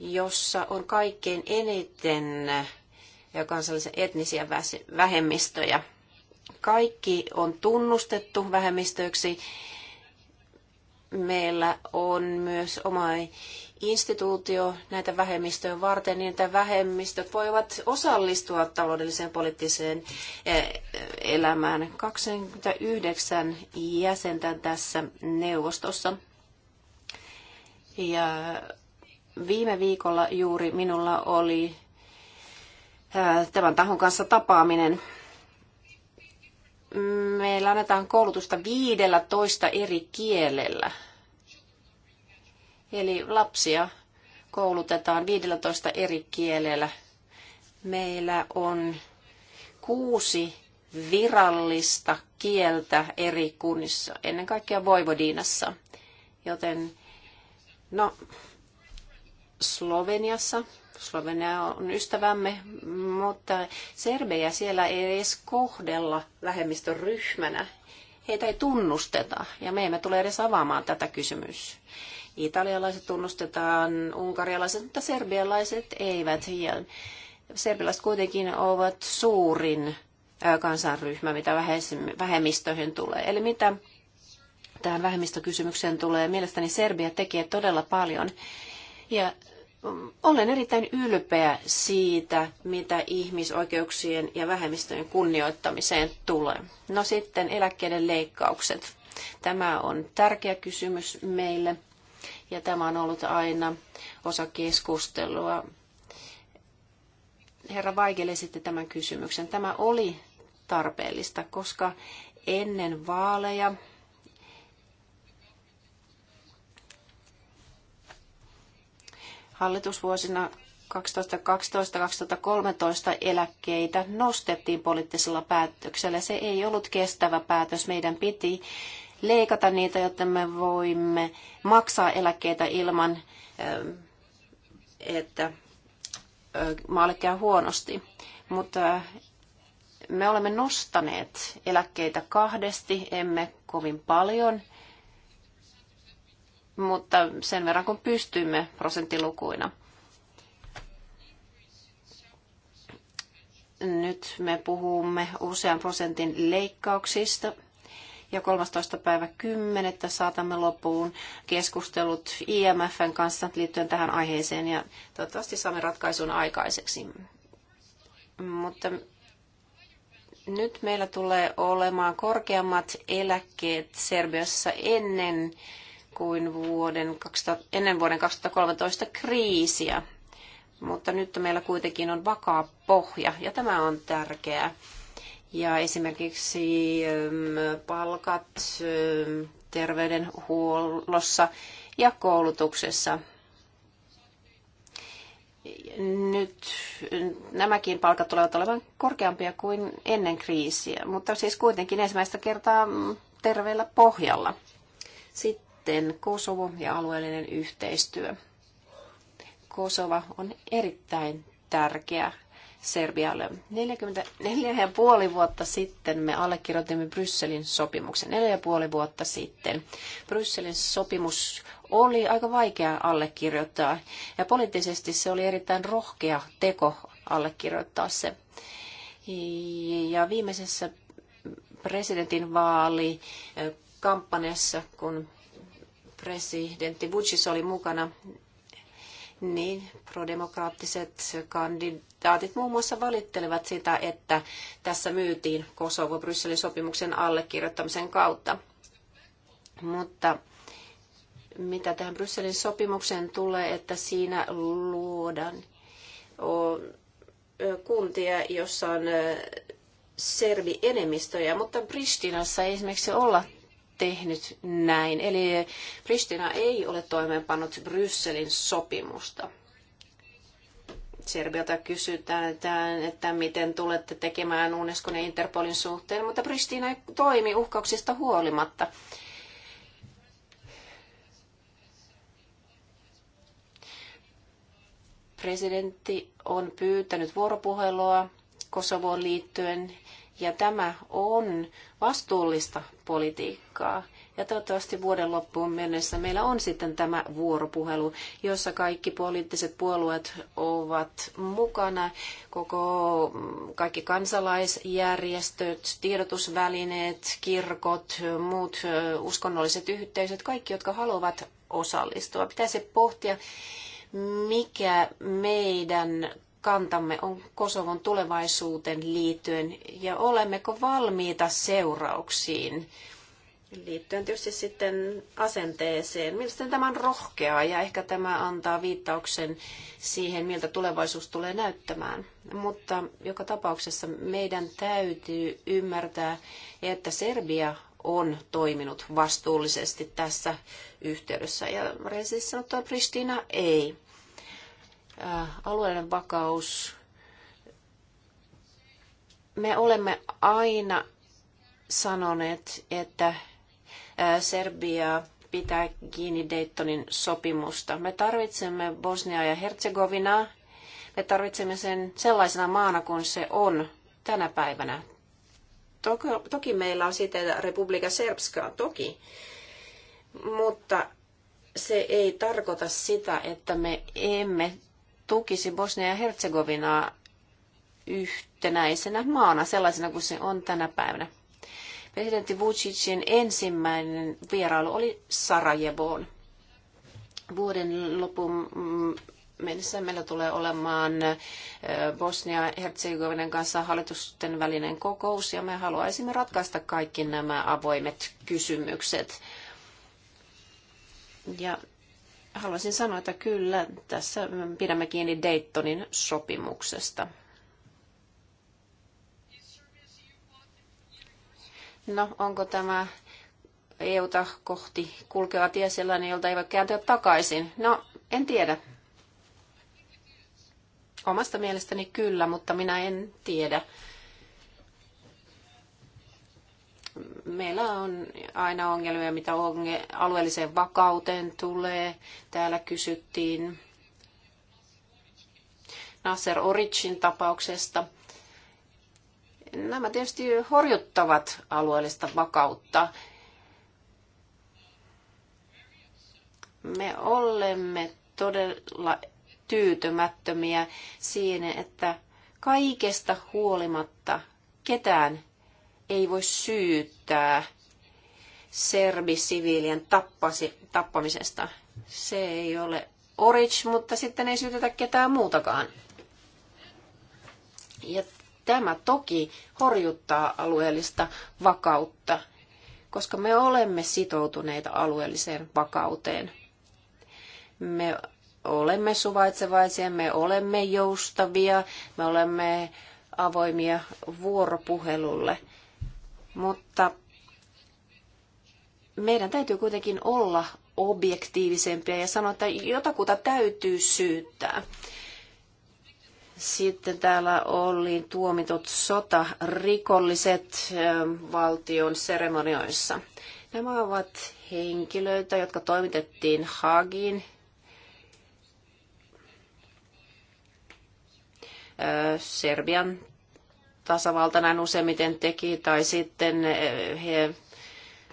[SPEAKER 3] jossa on kaikkein eniten kansallisen etnisiä vähemmistöjä. Kaikki on tunnustettu vähemmistöiksi. Meillä on myös oma instituutio näitä vähemmistöjä varten, niin että vähemmistöt voivat osallistua taloudelliseen poliittiseen elämään. 29 jäsentä tässä neuvostossa. Ja Viime viikolla juuri minulla oli tämän tahon kanssa tapaaminen. Meillä annetaan koulutusta 15 eri kielellä. Eli lapsia koulutetaan 15 eri kielellä. Meillä on kuusi virallista kieltä eri kunnissa, ennen kaikkea Voivodiinassa. Joten no, Sloveniassa. Slovenia on ystävämme, mutta serbejä siellä ei edes kohdella vähemmistöryhmänä. Heitä ei tunnusteta ja me emme tule edes avaamaan tätä kysymys. Italialaiset tunnustetaan, unkarialaiset, mutta serbialaiset eivät. Ja serbilaiset kuitenkin ovat suurin kansanryhmä, mitä vähemmistöihin tulee. Eli mitä tähän vähemmistökysymykseen tulee, mielestäni Serbia tekee todella paljon. Ja olen erittäin ylpeä siitä, mitä ihmisoikeuksien ja vähemmistöjen kunnioittamiseen tulee. No sitten eläkkeiden leikkaukset. Tämä on tärkeä kysymys meille ja tämä on ollut aina osa keskustelua. Herra Vaikele sitten tämän kysymyksen. Tämä oli tarpeellista, koska ennen vaaleja Hallitusvuosina 2012-2013 eläkkeitä nostettiin poliittisella päätöksellä. Se ei ollut kestävä päätös. Meidän piti leikata niitä, jotta me voimme maksaa eläkkeitä ilman, ähm, että äh, maalle käy huonosti. Mutta äh, me olemme nostaneet eläkkeitä kahdesti, emme kovin paljon mutta sen verran kun pystymme prosenttilukuina. Nyt me puhumme usean prosentin leikkauksista ja 13. päivä 10. saatamme loppuun keskustelut IMFn kanssa liittyen tähän aiheeseen ja toivottavasti saamme ratkaisun aikaiseksi. Mutta nyt meillä tulee olemaan korkeammat eläkkeet Serbiassa ennen kuin vuoden 2000, ennen vuoden 2013 kriisiä. Mutta nyt meillä kuitenkin on vakaa pohja ja tämä on tärkeää. Ja esimerkiksi ähm, palkat ähm, terveydenhuollossa ja koulutuksessa. Nyt äh, nämäkin palkat tulevat olemaan korkeampia kuin ennen kriisiä, mutta siis kuitenkin ensimmäistä kertaa mm, terveellä pohjalla. Sitten sitten Kosovo ja alueellinen yhteistyö. Kosova on erittäin tärkeä Serbialle. 44,5 vuotta sitten me allekirjoitimme Brysselin sopimuksen. 4,5 vuotta sitten Brysselin sopimus oli aika vaikea allekirjoittaa ja poliittisesti se oli erittäin rohkea teko allekirjoittaa se. Ja viimeisessä presidentin vaali kampanjassa, kun presidentti Vucic oli mukana, niin prodemokraattiset kandidaatit muun muassa valittelevat sitä, että tässä myytiin Kosovo Brysselin sopimuksen allekirjoittamisen kautta. Mutta mitä tähän Brysselin sopimukseen tulee, että siinä luodaan kuntia, jossa on serbi enemmistöjä, mutta Pristinassa ei esimerkiksi olla tehnyt näin. Eli Pristina ei ole toimeenpannut Brysselin sopimusta. Serbiota kysytään, että miten tulette tekemään Unescon ja Interpolin suhteen, mutta Pristina ei toimi uhkauksista huolimatta. Presidentti on pyytänyt vuoropuhelua Kosovoon liittyen ja tämä on vastuullista politiikkaa. Ja toivottavasti vuoden loppuun mennessä meillä on sitten tämä vuoropuhelu, jossa kaikki poliittiset puolueet ovat mukana, koko, mm, kaikki kansalaisjärjestöt, tiedotusvälineet, kirkot, muut uskonnolliset yhteisöt, kaikki, jotka haluavat osallistua. Pitäisi pohtia, mikä meidän kantamme on Kosovon tulevaisuuteen liittyen ja olemmeko valmiita seurauksiin liittyen tietysti sitten asenteeseen. Mielestäni tämä on rohkeaa ja ehkä tämä antaa viittauksen siihen, miltä tulevaisuus tulee näyttämään. Mutta joka tapauksessa meidän täytyy ymmärtää, että Serbia on toiminut vastuullisesti tässä yhteydessä. Ja rehellisesti sanottuna Pristina ei. Äh, alueellinen vakaus. Me olemme aina sanoneet, että äh, Serbia pitää kiinni Daytonin sopimusta. Me tarvitsemme Bosnia ja Herzegovinaa. Me tarvitsemme sen sellaisena maana kuin se on tänä päivänä. Toki, toki meillä on sitten Republika Serbskaa, toki. Mutta se ei tarkoita sitä, että me emme tukisi Bosnia ja Herzegovinaa yhtenäisenä maana, sellaisena kuin se on tänä päivänä. Presidentti Vucicin ensimmäinen vierailu oli Sarajevoon. Vuoden lopun mm, mennessä meillä tulee olemaan Bosnia Herzegovinan kanssa hallitusten välinen kokous ja me haluaisimme ratkaista kaikki nämä avoimet kysymykset. Ja haluaisin sanoa, että kyllä, tässä pidämme kiinni Daytonin sopimuksesta. No, onko tämä EUta kohti kulkeva tie sellainen, jolta ei voi kääntyä takaisin? No, en tiedä. Omasta mielestäni kyllä, mutta minä en tiedä. meillä on aina ongelmia, mitä onge- alueelliseen vakauteen tulee. Täällä kysyttiin Nasser Origin tapauksesta. Nämä tietysti horjuttavat alueellista vakautta. Me olemme todella tyytymättömiä siihen, että kaikesta huolimatta ketään ei voi syyttää serbisiviilien tappasi, tappamisesta. Se ei ole Orich, mutta sitten ei syytetä ketään muutakaan. Ja tämä toki horjuttaa alueellista vakautta, koska me olemme sitoutuneita alueelliseen vakauteen. Me olemme suvaitsevaisia, me olemme joustavia, me olemme avoimia vuoropuhelulle – mutta meidän täytyy kuitenkin olla objektiivisempia ja sanoa, että jotakuta täytyy syyttää. Sitten täällä oli tuomitut sotarikolliset valtion seremonioissa. Nämä ovat henkilöitä, jotka toimitettiin Hagiin Serbian tasavalta näin useimmiten teki, tai sitten eh, he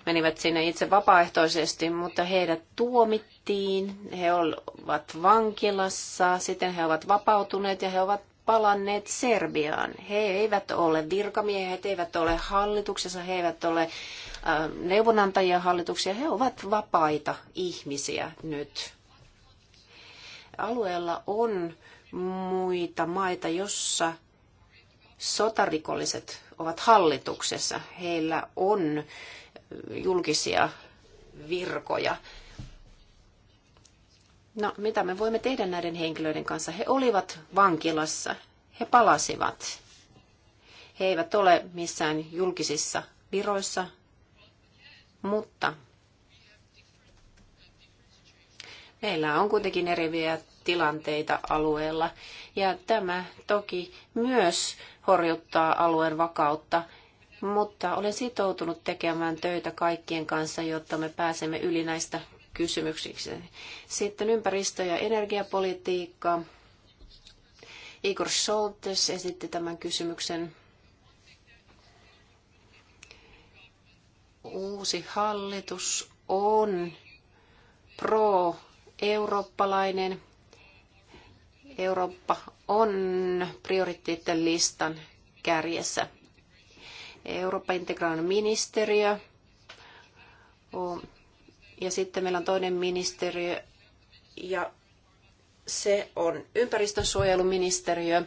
[SPEAKER 3] menivät sinne itse vapaaehtoisesti, mutta heidät tuomittiin, he ovat vankilassa, sitten he ovat vapautuneet ja he ovat palanneet Serbiaan. He eivät ole virkamiehet, he eivät ole hallituksessa, he eivät ole neuvonantajia hallituksia, he ovat vapaita ihmisiä nyt. Alueella on muita maita, jossa sotarikolliset ovat hallituksessa. Heillä on julkisia virkoja. No, mitä me voimme tehdä näiden henkilöiden kanssa? He olivat vankilassa. He palasivat. He eivät ole missään julkisissa viroissa, mutta meillä on kuitenkin eriviä tilanteita alueella. Ja tämä toki myös horjuttaa alueen vakautta, mutta olen sitoutunut tekemään töitä kaikkien kanssa, jotta me pääsemme yli näistä kysymyksiksi. Sitten ympäristö- ja energiapolitiikka. Igor Scholtes esitti tämän kysymyksen. Uusi hallitus on pro-eurooppalainen Eurooppa on prioriteettien listan kärjessä. Eurooppa integraation ministeriö ja sitten meillä on toinen ministeriö ja se on ympäristönsuojeluministeriö.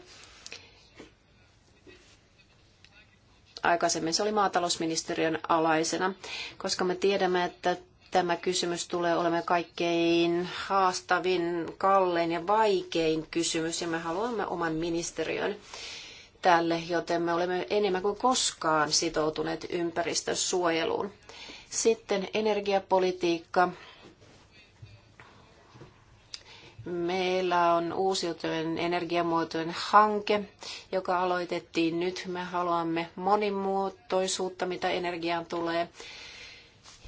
[SPEAKER 3] Aikaisemmin se oli maatalousministeriön alaisena, koska me tiedämme, että Tämä kysymys tulee olemaan kaikkein haastavin, kallein ja vaikein kysymys, ja me haluamme oman ministeriön tälle, joten me olemme enemmän kuin koskaan sitoutuneet ympäristösuojeluun. Sitten energiapolitiikka. Meillä on uusiutuvien energiamuotojen hanke, joka aloitettiin nyt. Me haluamme monimuotoisuutta, mitä energiaan tulee.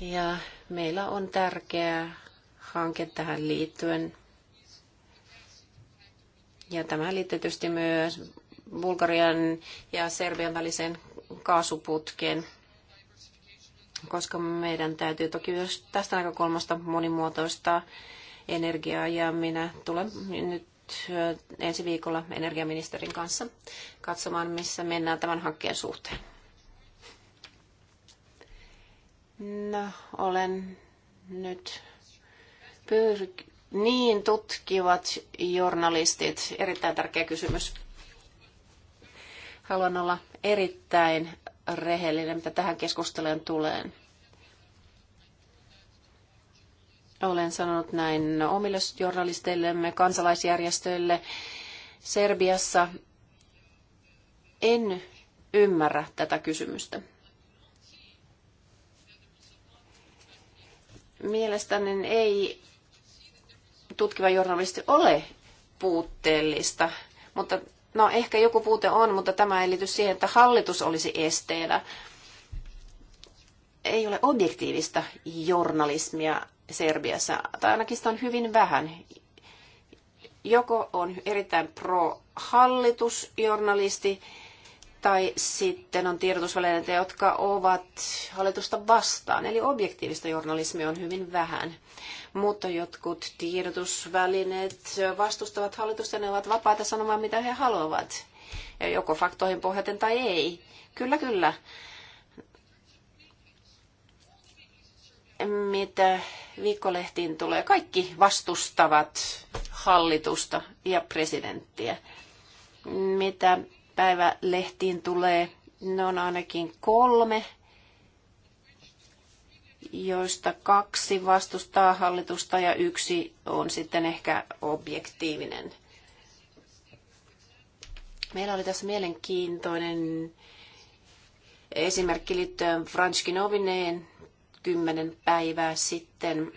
[SPEAKER 3] Ja meillä on tärkeä hanke tähän liittyen. Ja tämä liittyy tietysti myös Bulgarian ja Serbian väliseen kaasuputkeen, koska meidän täytyy toki myös tästä näkökulmasta monimuotoistaa energiaa ja minä tulen nyt ensi viikolla energiaministerin kanssa katsomaan, missä mennään tämän hankkeen suhteen. No, olen nyt pyrk... Niin, tutkivat journalistit. Erittäin tärkeä kysymys. Haluan olla erittäin rehellinen, mitä tähän keskusteluun tulee. Olen sanonut näin omille journalisteillemme, kansalaisjärjestöille Serbiassa. En ymmärrä tätä kysymystä. Mielestäni ei tutkiva journalisti ole puutteellista, mutta no ehkä joku puute on, mutta tämä ei liity siihen, että hallitus olisi esteenä. Ei ole objektiivista journalismia Serbiassa, tai ainakin sitä on hyvin vähän. Joko on erittäin pro-hallitusjournalisti, tai sitten on tiedotusvälineitä, jotka ovat hallitusta vastaan. Eli objektiivista journalismia on hyvin vähän. Mutta jotkut tiedotusvälineet vastustavat hallitusta, ne ovat vapaita sanomaan, mitä he haluavat. Joko faktoihin pohjaten tai ei. Kyllä, kyllä. Mitä viikkolehtiin tulee, kaikki vastustavat hallitusta ja presidenttiä. Mitä päivälehtiin tulee, ne on ainakin kolme, joista kaksi vastustaa hallitusta ja yksi on sitten ehkä objektiivinen. Meillä oli tässä mielenkiintoinen esimerkki liittyen Franskinovineen kymmenen päivää sitten.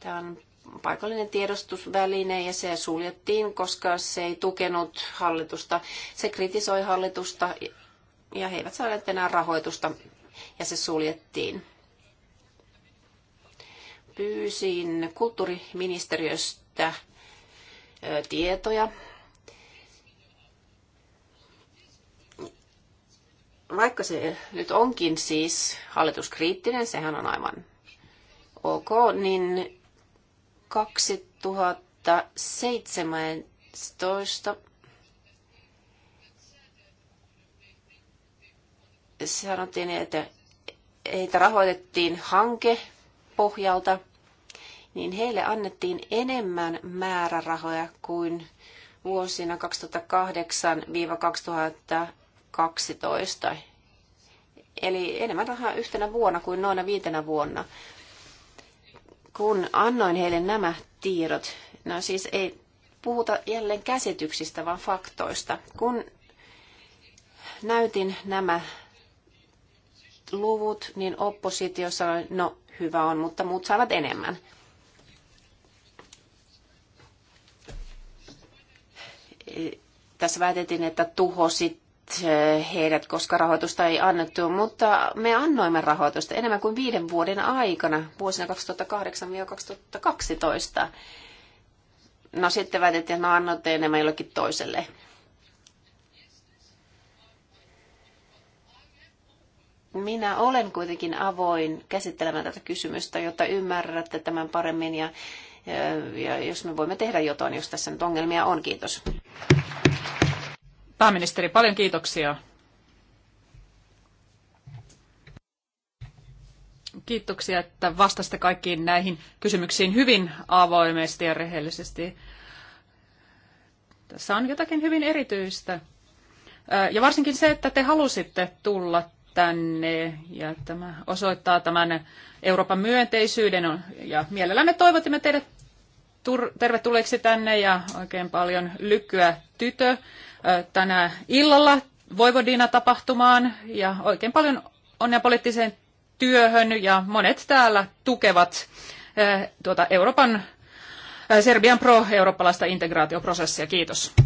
[SPEAKER 3] Tämä on paikallinen tiedostusväline ja se suljettiin, koska se ei tukenut hallitusta. Se kritisoi hallitusta ja he eivät saaneet enää rahoitusta ja se suljettiin. Pyysin kulttuuriministeriöstä tietoja. Vaikka se nyt onkin siis hallituskriittinen, sehän on aivan ok, niin 2017 sanottiin, että heitä rahoitettiin hankepohjalta, niin heille annettiin enemmän määrärahoja kuin vuosina 2008-2012. Eli enemmän rahaa yhtenä vuonna kuin noina viitenä vuonna kun annoin heille nämä tiedot, no siis ei puhuta jälleen käsityksistä, vaan faktoista. Kun näytin nämä luvut, niin oppositio sanoi, no hyvä on, mutta muut saavat enemmän. Tässä väitettiin, että tuhosit Eh, heidät, koska rahoitusta ei annettu, mutta me annoimme rahoitusta enemmän kuin viiden vuoden aikana, vuosina 2008-2012. No sitten väitettiin, että no annoitte enemmän jollekin toiselle. Minä olen kuitenkin avoin käsittelemään tätä kysymystä, jotta ymmärrätte tämän paremmin ja, ja jos me voimme tehdä jotain, jos tässä nyt ongelmia on. Kiitos.
[SPEAKER 2] Pääministeri, paljon kiitoksia. Kiitoksia, että vastasitte kaikkiin näihin kysymyksiin hyvin avoimesti ja rehellisesti. Tässä on jotakin hyvin erityistä. Ja varsinkin se, että te halusitte tulla tänne ja tämä osoittaa tämän Euroopan myönteisyyden ja mielellämme toivotimme teidät tervetulleeksi tänne ja oikein paljon lykkyä tytö tänä illalla Voivodina-tapahtumaan ja oikein paljon onnea poliittiseen työhön ja monet täällä tukevat tuota Euroopan, Serbian pro-eurooppalaista integraatioprosessia. Kiitos.